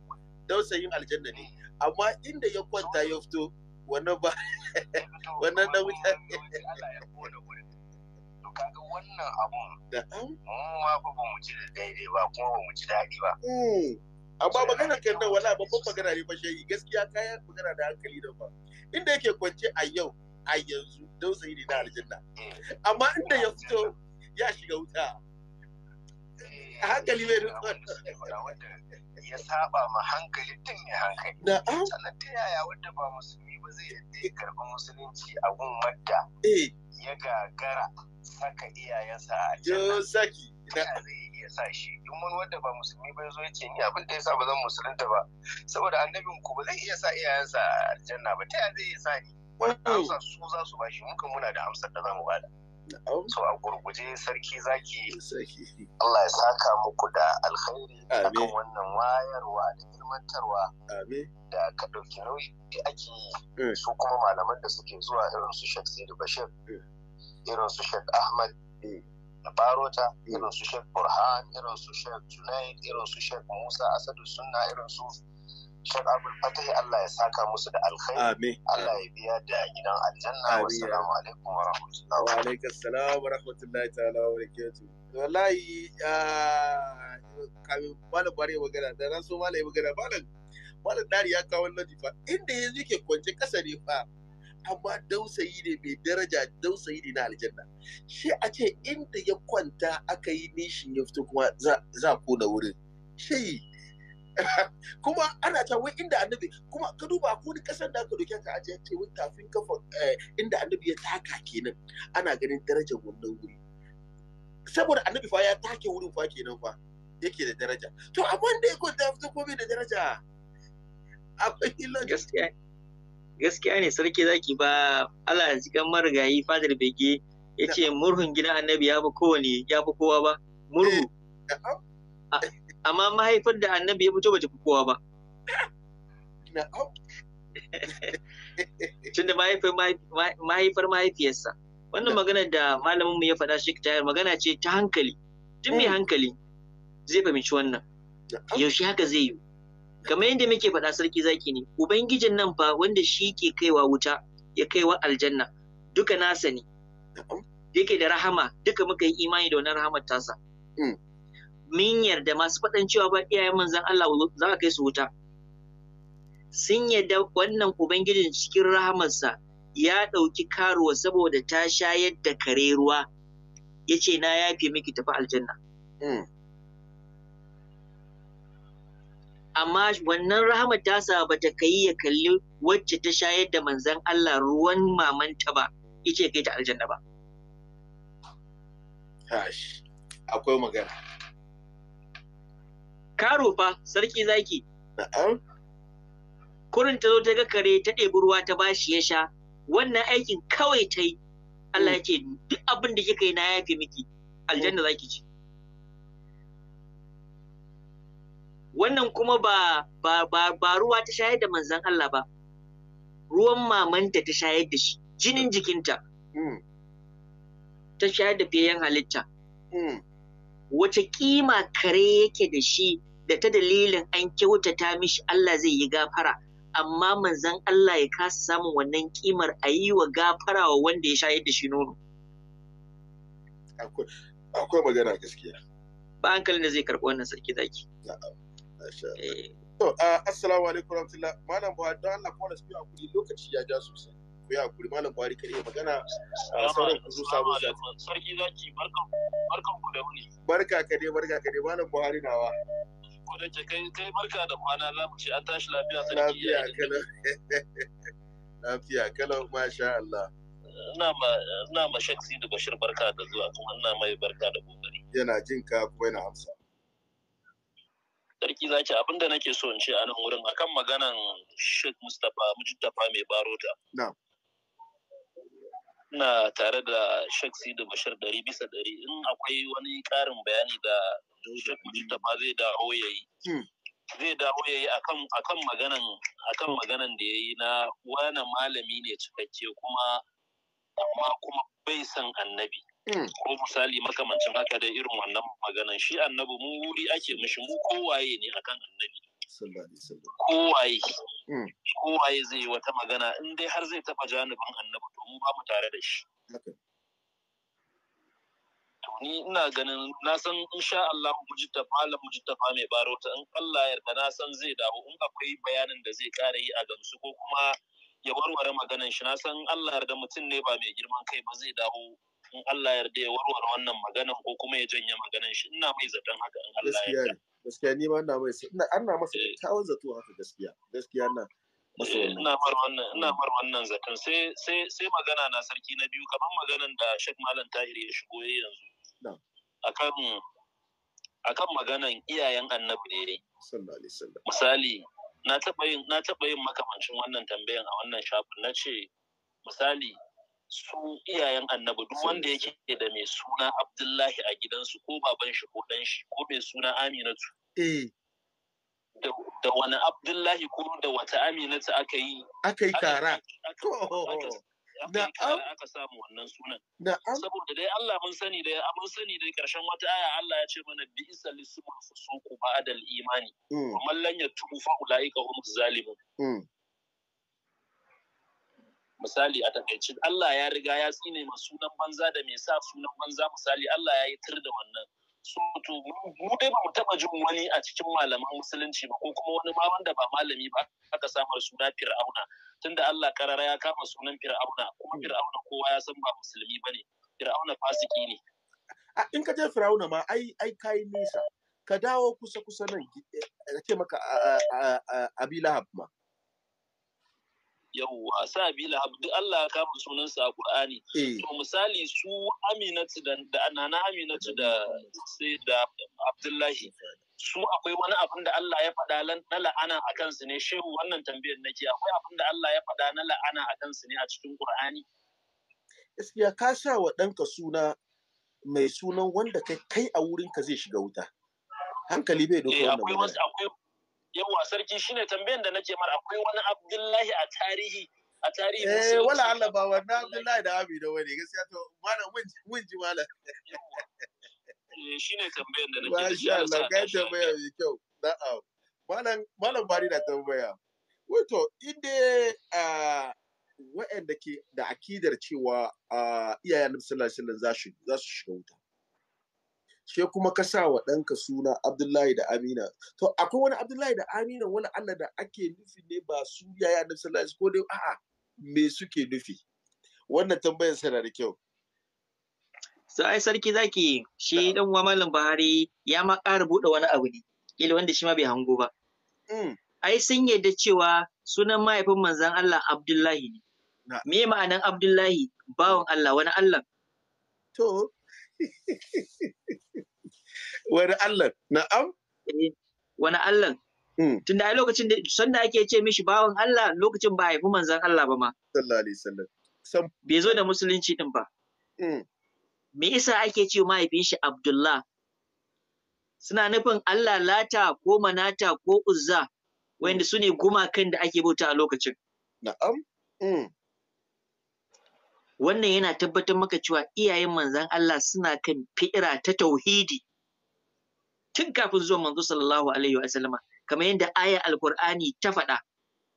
dausayin aljanna ne mm. amma inda ya kwanta ya fito wannan ba wannan da wuta kaga wannan abun mu ma ba mu ji daidai ba kuma ba mu ji daɗi ba hmm. amma magana kan nan wala babban magana ne ba shehi gaskiya kayan magana da hankali da ba inda yake kwance a yau a yanzu dausayi ne na aljanna mm. amma inda ya fito ya shiga wuta hankali mai rutsuwa wanda ya saba ma hankali din ne hankali sannan ta yaya wanda ba musulmi ba zai yadda ya karɓi musulunci a gun wadda eh. ya gagara saka iyayensa a aljanna saki zai iya sa shi in wani wanda ba musulmi ba zo ya ni abin da ya sa ba zan musulunta ba saboda annabin ku ba zai iya sa iyayensa a aljanna ba ta yaya zai iya sa ni wannan amsa su za su ba shi muka muna da amsar da za mu bada so a gurguje sarki zaki Allah ya saka muku da alkhairi kan wannan wayarwa da ilmantarwa da ka ɗauki nauyi ake yi mm. su kuma malaman da suke zuwa irin su Sheikh Sidi Bashir mm. irin su Sheikh Ahmad da mm. Barota irin su Sheikh Burhan irin su Sheikh Junaid irin su Sheikh Musa Asadu Sunna irin su Shek abin Fatahi Allah ya saka musu da alkhairi. Allah ya biya da gidan aljanna. Wassalamu alaikum wa rahmatullahi. Wa alaikum salam wa rahmatullahi ta'ala wa barakatuh. Wallahi kamin malam bari magana da na so malam ya magana malam malam dari ya kawo wannan fa inda yanzu ke kwance kasa ne fa amma dausayi ne mai daraja dausayi ne na aljanna shi a ce inda ya kwanta aka yi nishin ya fito kuma za a kona wurin shi kuma ana ta wai inda annabi kuma ka duba ko ni kasar da aka doke ka aje ce wai tafin kafa eh, inda annabi ya taka kenan ana ganin darajar wannan wuri saboda annabi fa ya take wurin fa kenan fa yake da daraja to abin da ya kwanta fito ko bai da daraja akwai gaskiya gaskiya ne sarki zaki ba Allah ya jikan marigayi fadar bege ya ce murhun gidan annabi ya fi kowane ya fi kowa ba murhu eh, amma mahaifar da annabi ya fito ba kowa ba tunda mahaifar mahaifiyarsa wannan magana da malamin ya faɗa shi tayar magana ce ta hankali tun mai hmm. hankali zai fahimci wannan yaushe haka zai yi kamar yadda muke faɗa sarki zaki ne ubangijin nan fa wanda shi ke kaiwa wuta ya kaiwa aljanna duka nasa ne yake da rahama duka muka yi imani da wannan rahamar tasa hmm. min yarda masu faɗan cewa ba iyayen manzan Allah za ka kai su wuta sun yarda wannan ubangijin cikin rahamarsa ya ɗauki karuwa saboda ta shayar da kare ruwa ya ce na yafe miki tafi aljanna hmm. amma wannan rahama ta tasa ba ta kai ya kalli wacce ta shayar da manzan Allah ruwan mamanta ba ya ce kai ta aljanna ba akwai magana Karo fa sarki zaki. Kurin ta zo ta ga kare ta ɗebi ruwa ta bashi ya sha. Wannan aikin kawai ta yi. Allah ya ce duk abin da kika yi na yafe miki aljanna zaki ci. Wannan kuma ba ba ba, ba ruwa ta shayar da manzon Allah ba. Ruwan mamanta ta shayar da shi, jinin jikinta. Hmm. Ta shayar da fiyayen halitta. Hmm. wace kima kare yake da shi da ta dalilin an kyautata mishi Allah zai yi gafara amma manzan Allah ya kasa samun wannan kimar a yi wa gafara wa wanda ya shayar da shi nono. Akwai magana gaskiya. Ba hankalin da zai karɓi wannan sarki zaki. Eh. To, ah, assalamu alaikum warahmatullahi malam Buhari don Allah kowane su biyu a kuɗi lokaci ya ja sosai. ku yi hakuri malam Buhari kare magana a sauran ku zo sabo sarki zaki barkan barkan ku da wuni barka ka dai barka ka dai malam Buhari nawa Ku da kai kai barka da kwana za mu ce an tashi lafiya sarki lafiya kala lafiya kala masha Allah ina ma ina ma shaksi da Bashir barka da zuwa kuma ina mai barka da kokari yana jin ka kuma yana amsa sarki zaki abin da nake so in ce a nan wurin akan maganan Sheikh Mustapha Mujtafa mai barota. ina tare da Sheikh da bashar ɗari bisa ɗari in akwai wani ƙarin bayani da Sheikh Mustapha zai dawo ya yi. Hmm. Zai dawo ya yi akan maganan akan maganan da ya yi na wani malami ne cikakke kuma amma kuma bai san annabi. Hmm. Ko misali makamancin haka da irin wannan maganan shi annabi mu wuri ake mishi mu kowaye ne akan annabi. Kowaye. Hmm. Kowaye zai yi wata magana in dai har zai taɓa janibin annabi mu ba mu tare da shi to ni ina ganin na san sha Allah mujtafa malam mujtafa mai baro ta in Allah yarda na san zai dawo in akwai bayanin da zai kare yi a gamsu ko kuma ya warware maganan shi na san Allah yarda mutum ne ba mai girman kai ba zai dawo in Allah yarda ya warware wannan maganan ko kuma ya janye maganan shi ina mai zaton haka in Allah yarda gaskiya ni ma ina mai ina ana masa eh. kyakkyawan zato haka gaskiya gaskiya na Eh, ina bar wannan ina bar wannan zaton sai sai magana na sarki na biyu kamar maganan da Sheikh Malam Tahir ya shigo yanzu akan akan maganan iyayen annabi ne misali na taɓa yin na taɓa yin makamancin wannan tambayan a wannan shafin na ce misali su iyayen annabi duk wanda yake da mai suna Abdullahi a gidansu ko baban shi ko dan shi ko mai suna Aminatu eh da wani abdullahi ko da wata aminata aka yi aka yi kara aka samu wannan sunan saboda dai Allah mun sani dai mun sani dai karshen wata aya Allah ya ce mana bi isa ku ba ba'dal imani kuma mm. lan yatubu fa ulaika hum zalimun mm. misali a takaice Allah ya riga ya tsine ma sunan banza da me sa sunan banza misali Allah ya yi tir da wannan so to mu dai ba mu taba jin wani a cikin malaman musulunci ba ko kuma wani ma wanda ba malami ba aka samar suna fir'auna tunda Allah karara ya kama sunan fir'auna kuma hmm. fir'auna kowa ya san ba musulmi bane fir'auna fasiki ne in ka je fir'auna ma ai ai kai nisa ka dawo kusa kusa nan eh, eh, ka ce maka abi lahab ma yawwa sa bila lahab duk Allah ya kama sunansa a Qur'ani eh. to misali su Aminatu da Nana Aminatu da sai da Abdullahi su akwai wani abin da Allah ya faɗa na la'ana a kansu ne shehu wannan tambayar nake akwai abin da Allah ya faɗa na la'ana a kansu ne a cikin Qur'ani gaskiya ka sa wa ɗanka suna mai sunan wanda kai kai a wurinka zai shiga wuta hankali bai doka eh, wannan yawa sarki shine tambayan da nake mara akwai wani abdullahi a tarihi a tarihi eh wala Allah ba wannan abdullahi da abi da wani gaskiya to mana mun ji mala eh, shine tambayan da nake masha Allah kai tambaya mai kyau da'a malam malam bari da tambaya wato inde a wa'anda ke da akidar cewa iyayen nabi sallallahu alaihi wasallam za su shiga wuta she kuma ka sa wa ɗanka suna Abdullahi da Amina. To akwai wani Abdullahi da Amina wani Allah da ake nufi ne ba su yaya na sallallahu ko dai a'a me suke nufi? Wannan tambayar sana da kyau. So ai sarki zaki shi dan wa Malam Buhari ya ma ƙara buɗe wani abu ne. Kila wanda shi ma bai hango ba. Mm. Ai sun yarda cewa sunan mahaifin manzan Allah Abdullahi ne. Me ma'anan Abdullahi bawan Allah wani Allah? To wani Allah na'am eh, wani Allah hmm. tun da lokacin da sanda ake ce mishi bawan Allah lokacin ba haifi manzan Allah ba ma sallallahu alaihi bai zo da musulunci din ba hmm. me isa ake ce mahaifin shi Abdullah suna nufin Allah lata ko manata ko uzza wanda su ne gumakan da ake bauta a lokacin na'am hmm. wannan yana tabbatar maka cewa iyayen manzan Allah suna kan fi'ira ta tauhidi tun kafin zuwa manzo sallallahu alaihi wa sallama kamar yadda ayar alkur'ani ta faɗa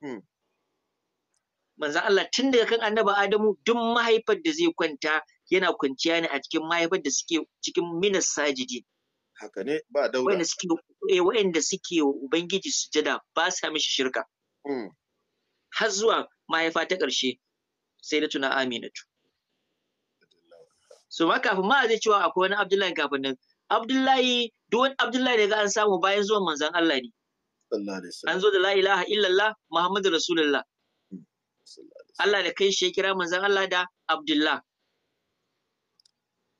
hmm. manzan Allah tun daga kan annabi Adamu duk mahaifar da zai kwanta yana kwanciya ne a cikin mahaifar da suke cikin minas sajidi haka ne ba daura wanda suke eh wanda suke ubangiji sujada ba sa mishi shirka hmm. har zuwa mahaifa ta ƙarshe sai da tuna aminatu so ma kafin ma zai cewa akwai wani Abdullahi kafin nan Abdullahi duk wani Abdullahi ga an samu bayan zuwan Manzan Allah ne an zo da la ilaha illallah Muhammadu Rasulullah hmm. Allah da kai shi ya kira manzon Allah da Abdullah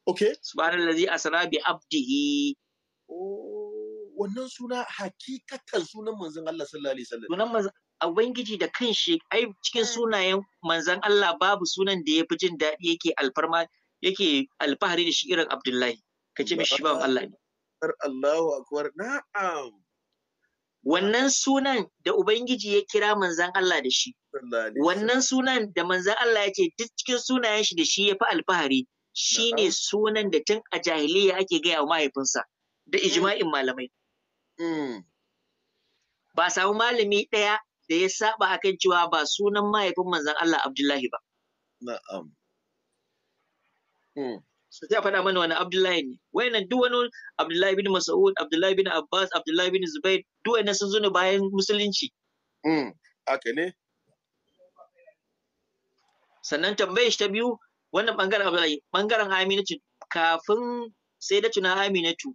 Okay. Subhanallazi a bi abdihi. Oh, wannan suna hakikatan sunan manzan Allah sallallahu alaihi wasallam. Sunan Ubangiji da kanshi ai cikin hmm. sunayen manzan Allah babu sunan da ya fi jin daɗi yake alfarma yake alfahari da shi irin Abdullahi ka ce mishi ba Allah ne Allahu akbar na'am wannan sunan da ubangiji ya kira manzan Allah da shi wannan sunan da manzan Allah ya ce duk cikin sunayen shi da shi ya fi alfahari shine sunan da tun a jahiliya ake gaya wa mahaifinsa da ijma'in malamai mm. ba samu malami ɗaya da ya saba akan cewa ba sunan mahaifin manzan Allah Abdullahi ba. Na'am. Mm. sai a faɗa mana wani Abdullahi ne nan duk wani Abdullahi bin Mas'ud Abdullahi bin Abbas Abdullahi bin Zubair duk wani sun zo ne bayan musulunci mm. haka ne sannan tambayar shi ta biyu wannan bangaren Abdullahi bangaren Aminatu kafin sai da tuna Aminatu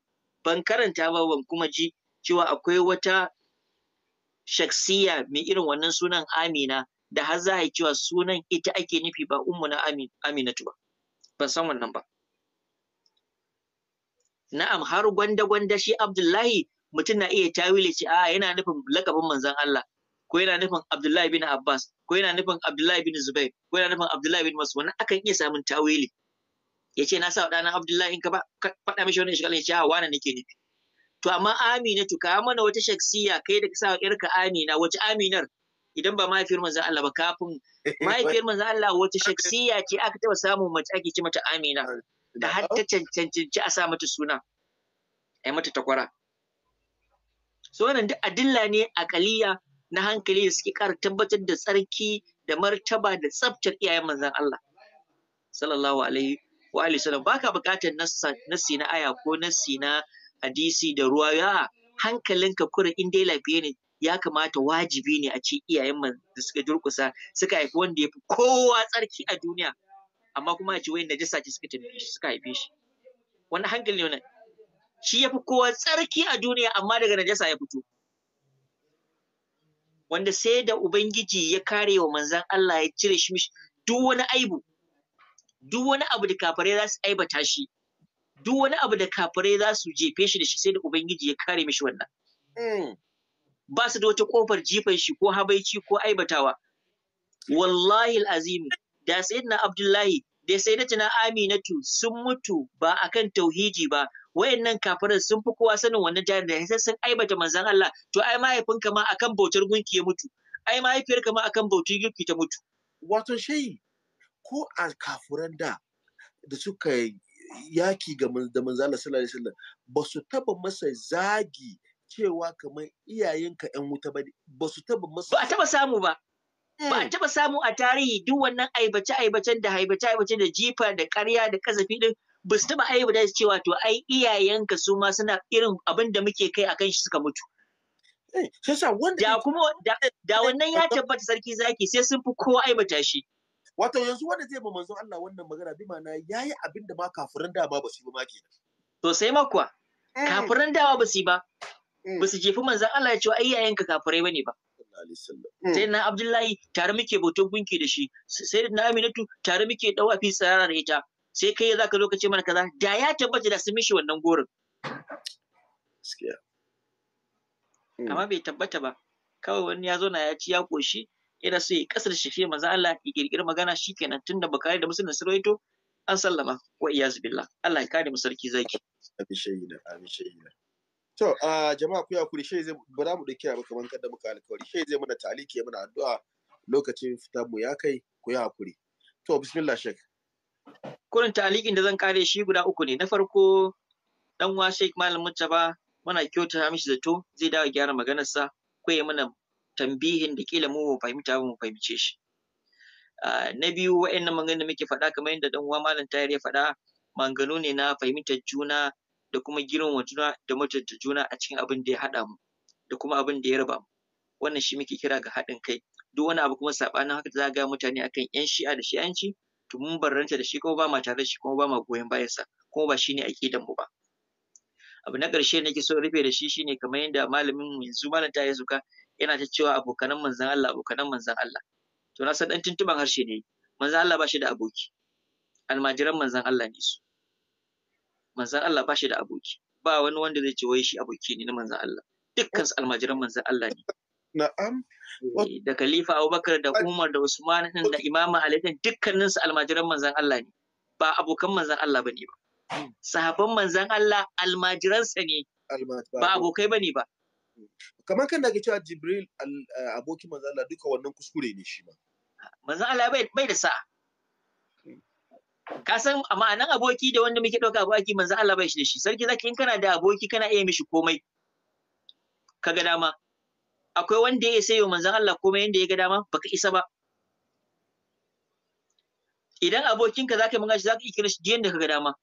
ban karanta ba ban kuma ji cewa akwai wata shaksiya mai irin wannan sunan Amina da har za a yi cewa sunan ita ake nufi ba ummu na Aminatu ba ban san wannan ba na'am har gwanda-gwanda shi Abdullahi mutum na iya tawile ce a yana nufin lakabin manzon Allah ko yana nufin Abdullahi bin Abbas ko yana nufin Abdullahi bin Zubair ko yana nufin Abdullahi bin Mas'ud wannan akan iya samun tawili ya ce na sa wadana Abdullahi in ka faɗa mishi wani shigalin ce a wani nake nufi to amma Aminatu ka mana wata shaksiya kai da ka sa irka Amina wace Aminar idan ba mahaifiyar manzan Allah ba kafin mahaifiyar manzan Allah wata shaksiya ce aka taba samun mace ake ce mata Amina da har ta cancanci a sa mata suna a yi mata takwara so wannan duk adilla ne a kaliya na hankali da suke ƙara tabbatar da tsarki da martaba da tsaftar iyayen manzan Allah sallallahu alaihi wa alihi baka buƙatar nassi na aya ko nassi na hadisi da ruwa ya hankalinka kura in dai lafiye ne ya kamata wajibi ne a ce iyayen da suka durkusa suka haifi wanda ya fi kowa tsarki a duniya amma kuma a ce wayan najasa ce suka tafi shi suka haife shi wani hankali ne wannan shi ya fi kowa tsarki a duniya amma daga najasa ya fito wanda sai da ubangiji ya kare wa manzan Allah ya cire shi mishi duk wani aibu duk wani abu da kafirai za su aibata shi duk wani abu da kafirai za su jefe shi da shi sai da ubangiji ya kare mishi wannan mm. ba su da wata kofar jifan shi ko habaici ko aibatawa wallahi azimi da sayyidina abdullahi da sayyidatina aminatu sun mutu ba akan tauhidi ba wayannan kafirin sun fi kowa sanin wannan jari da sai sun aibata manzon Allah to ai mahaifinka ma akan bautar gunki ya mutu ai mahaifiyarka ma akan bautar gunki ta mutu wato shi ko a kafuran da da suka yaki ga manzon manzala sallallahu alaihi wasallam ba su taba masa zagi cewa kamar iyayenka yan wuta ba ne ba su taba masu ba a taba samu ba ba a eh. taba samu a tarihi duk wannan aibace aibacen da haibace aibacen da jifa da karya da kazafi din ba su taba aibata su cewa to ai iyayenka su ma suna irin abin da muke kai a kan shi suka mutu eh, da kuma da eh, wannan ya tabbata sarki zaki sai sun fi kowa aibata shi wato yanzu wanda zai ba manzon Allah wannan magana bi ma'ana yi abin da ma kafirin da ba su yi ba ma kenan to sai ma kuwa kafirin da ba su yi ba Mm. ba su jefi manzan Allah ya ce wa ai ka kafirai bane ba sai mm. na Abdullahi tare muke bautan gunki da shi sai na Aminatu tare muke fi tsara da ita sai kai zaka zo ka ce mana kaza da ya tabbata da sun mishi wannan gorin mm. amma bai tabbata ba kawai wani ya zo na ya ci ya koshi yana so ya kasar shafi manzan Allah ya kirkiri magana shikenan tunda Bukhari da Muslim sun rawaito an sallama wa iyazu billah Allah ya kare mu sarki zaki abi da abi To, jama'a kuya kuri shi zai ba za mu dauki abu kamar kada muka alƙawari. Shi zai mana taliki ya mana addu'a lokacin fitar mu ya kai ku yakuri. To, bismillah shek. Kurin talikin da zan kare shi guda uku ne. Na farko dan wa Sheikh Malam Mutaba muna kyauta mishi zato zai dawo gyara maganarsa ko ya mana tambihin da kila mu mu fahimta mu fahimce shi. Na biyu wa'annan maganganun da muke faɗa kamar yadda dan uwa Malam Tayar ya faɗa manganu ne na fahimtar juna da kuma girmama juna da mutunta juna a cikin abin da ya haɗa mu da kuma abin da ya raba mu wannan shi muke kira ga haɗin kai duk wani abu kuma saɓanin haka za ga mutane akan yan shi'a da shi'anci to mun ranta da shi kuma ba ma tare da shi kuma ba ma goyon bayansa kuma ba shi ne aƙidan mu ba abu na ƙarshe da nake so rufe da shi shine kamar yadda malamin mu yanzu malam ta suka yana ta cewa abokanan manzon Allah abokanan manzon Allah to na san dan tuntuban harshe ne manzon Allah ba shi da aboki almajiran manzon Allah ne su manzan Allah ba shi da aboki ba wani wanda zai ce wai shi aboki ne na manzan Allah dukkan su almajiran manzan Allah ne na'am eh, da khalifa Abubakar da Umar da Usman din da Imam Ali din dukkanin su almajiran manzan Allah ne ba abokan manzan Allah bane ba sahabban manzan Allah almajiransa ne ba abokai bane ba kamar kan da ke cewa Jibril eh, abokin manzan Allah duka wannan kuskure ne shi ba manzan Allah bai da sa'a ka san a nan aboki da wanda muke ɗauka aboki manzo Allah bai shi da shi sarki zaki in kana da aboki kana iya mishi komai kaga dama akwai wanda ya sayo manzo Allah komai yanda ya ga dama baka isa ba idan abokinka zaka mun gashi zaka ikira shi yanda kaga dama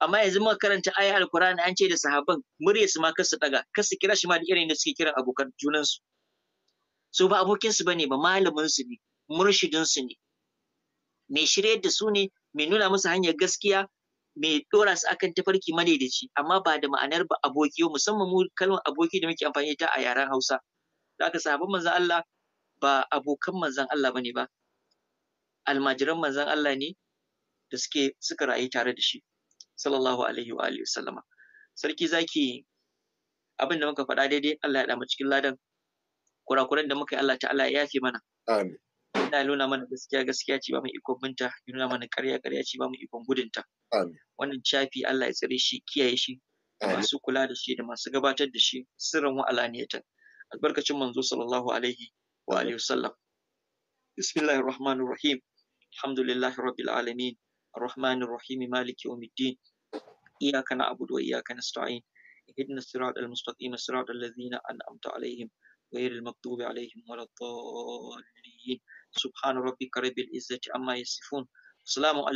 amma yanzu muka karanta ayar alkur'ani an ce da sahabban murya su ma kar su daga kar su kira shi ma da irin da suke kiran abokan junansu su ba abokin su bane ba malamin su ne murshidin su ne mai shiryar da su ne mai nuna musu hanyar gaskiya mai dora su akan tafarki madaidaici amma ba da ma'anar ba aboki ba, musamman mu kalmar aboki da muke amfani da ta a yaren Hausa da aka sahabban manzon Allah ba abokan manzon Allah bane ba almajiran manzon Allah ne da suke suka rayu tare da shi sallallahu alaihi wa alihi wasallama sarki zaki abin da muka faɗa daidai Allah ya mu cikin ladan kurakuran da muka yi Allah ta'ala ya yafe mana amin ya nuna mana gaskiya gaskiya ce ba mu ikon binta ya nuna mana ƙarya ƙarya ce ba mu ikon gudunta wannan shafi Allah ya tsare shi kiyaye shi masu kula da shi da masu gabatar da shi sirrin wa albarkacin manzo sallallahu alaihi wa alihi wasallam bismillahir rahmanir rahim alhamdulillahi rabbil alamin arrahmanir rahim maliki yawmiddin iyyaka na'budu wa iyyaka nasta'in اهدنا siratal المستقيم siratal ladzina an'amta alaihim غير المكتوب عليهم ولا الضالين subhana rabbika rabbil izzati amma yasifun salamun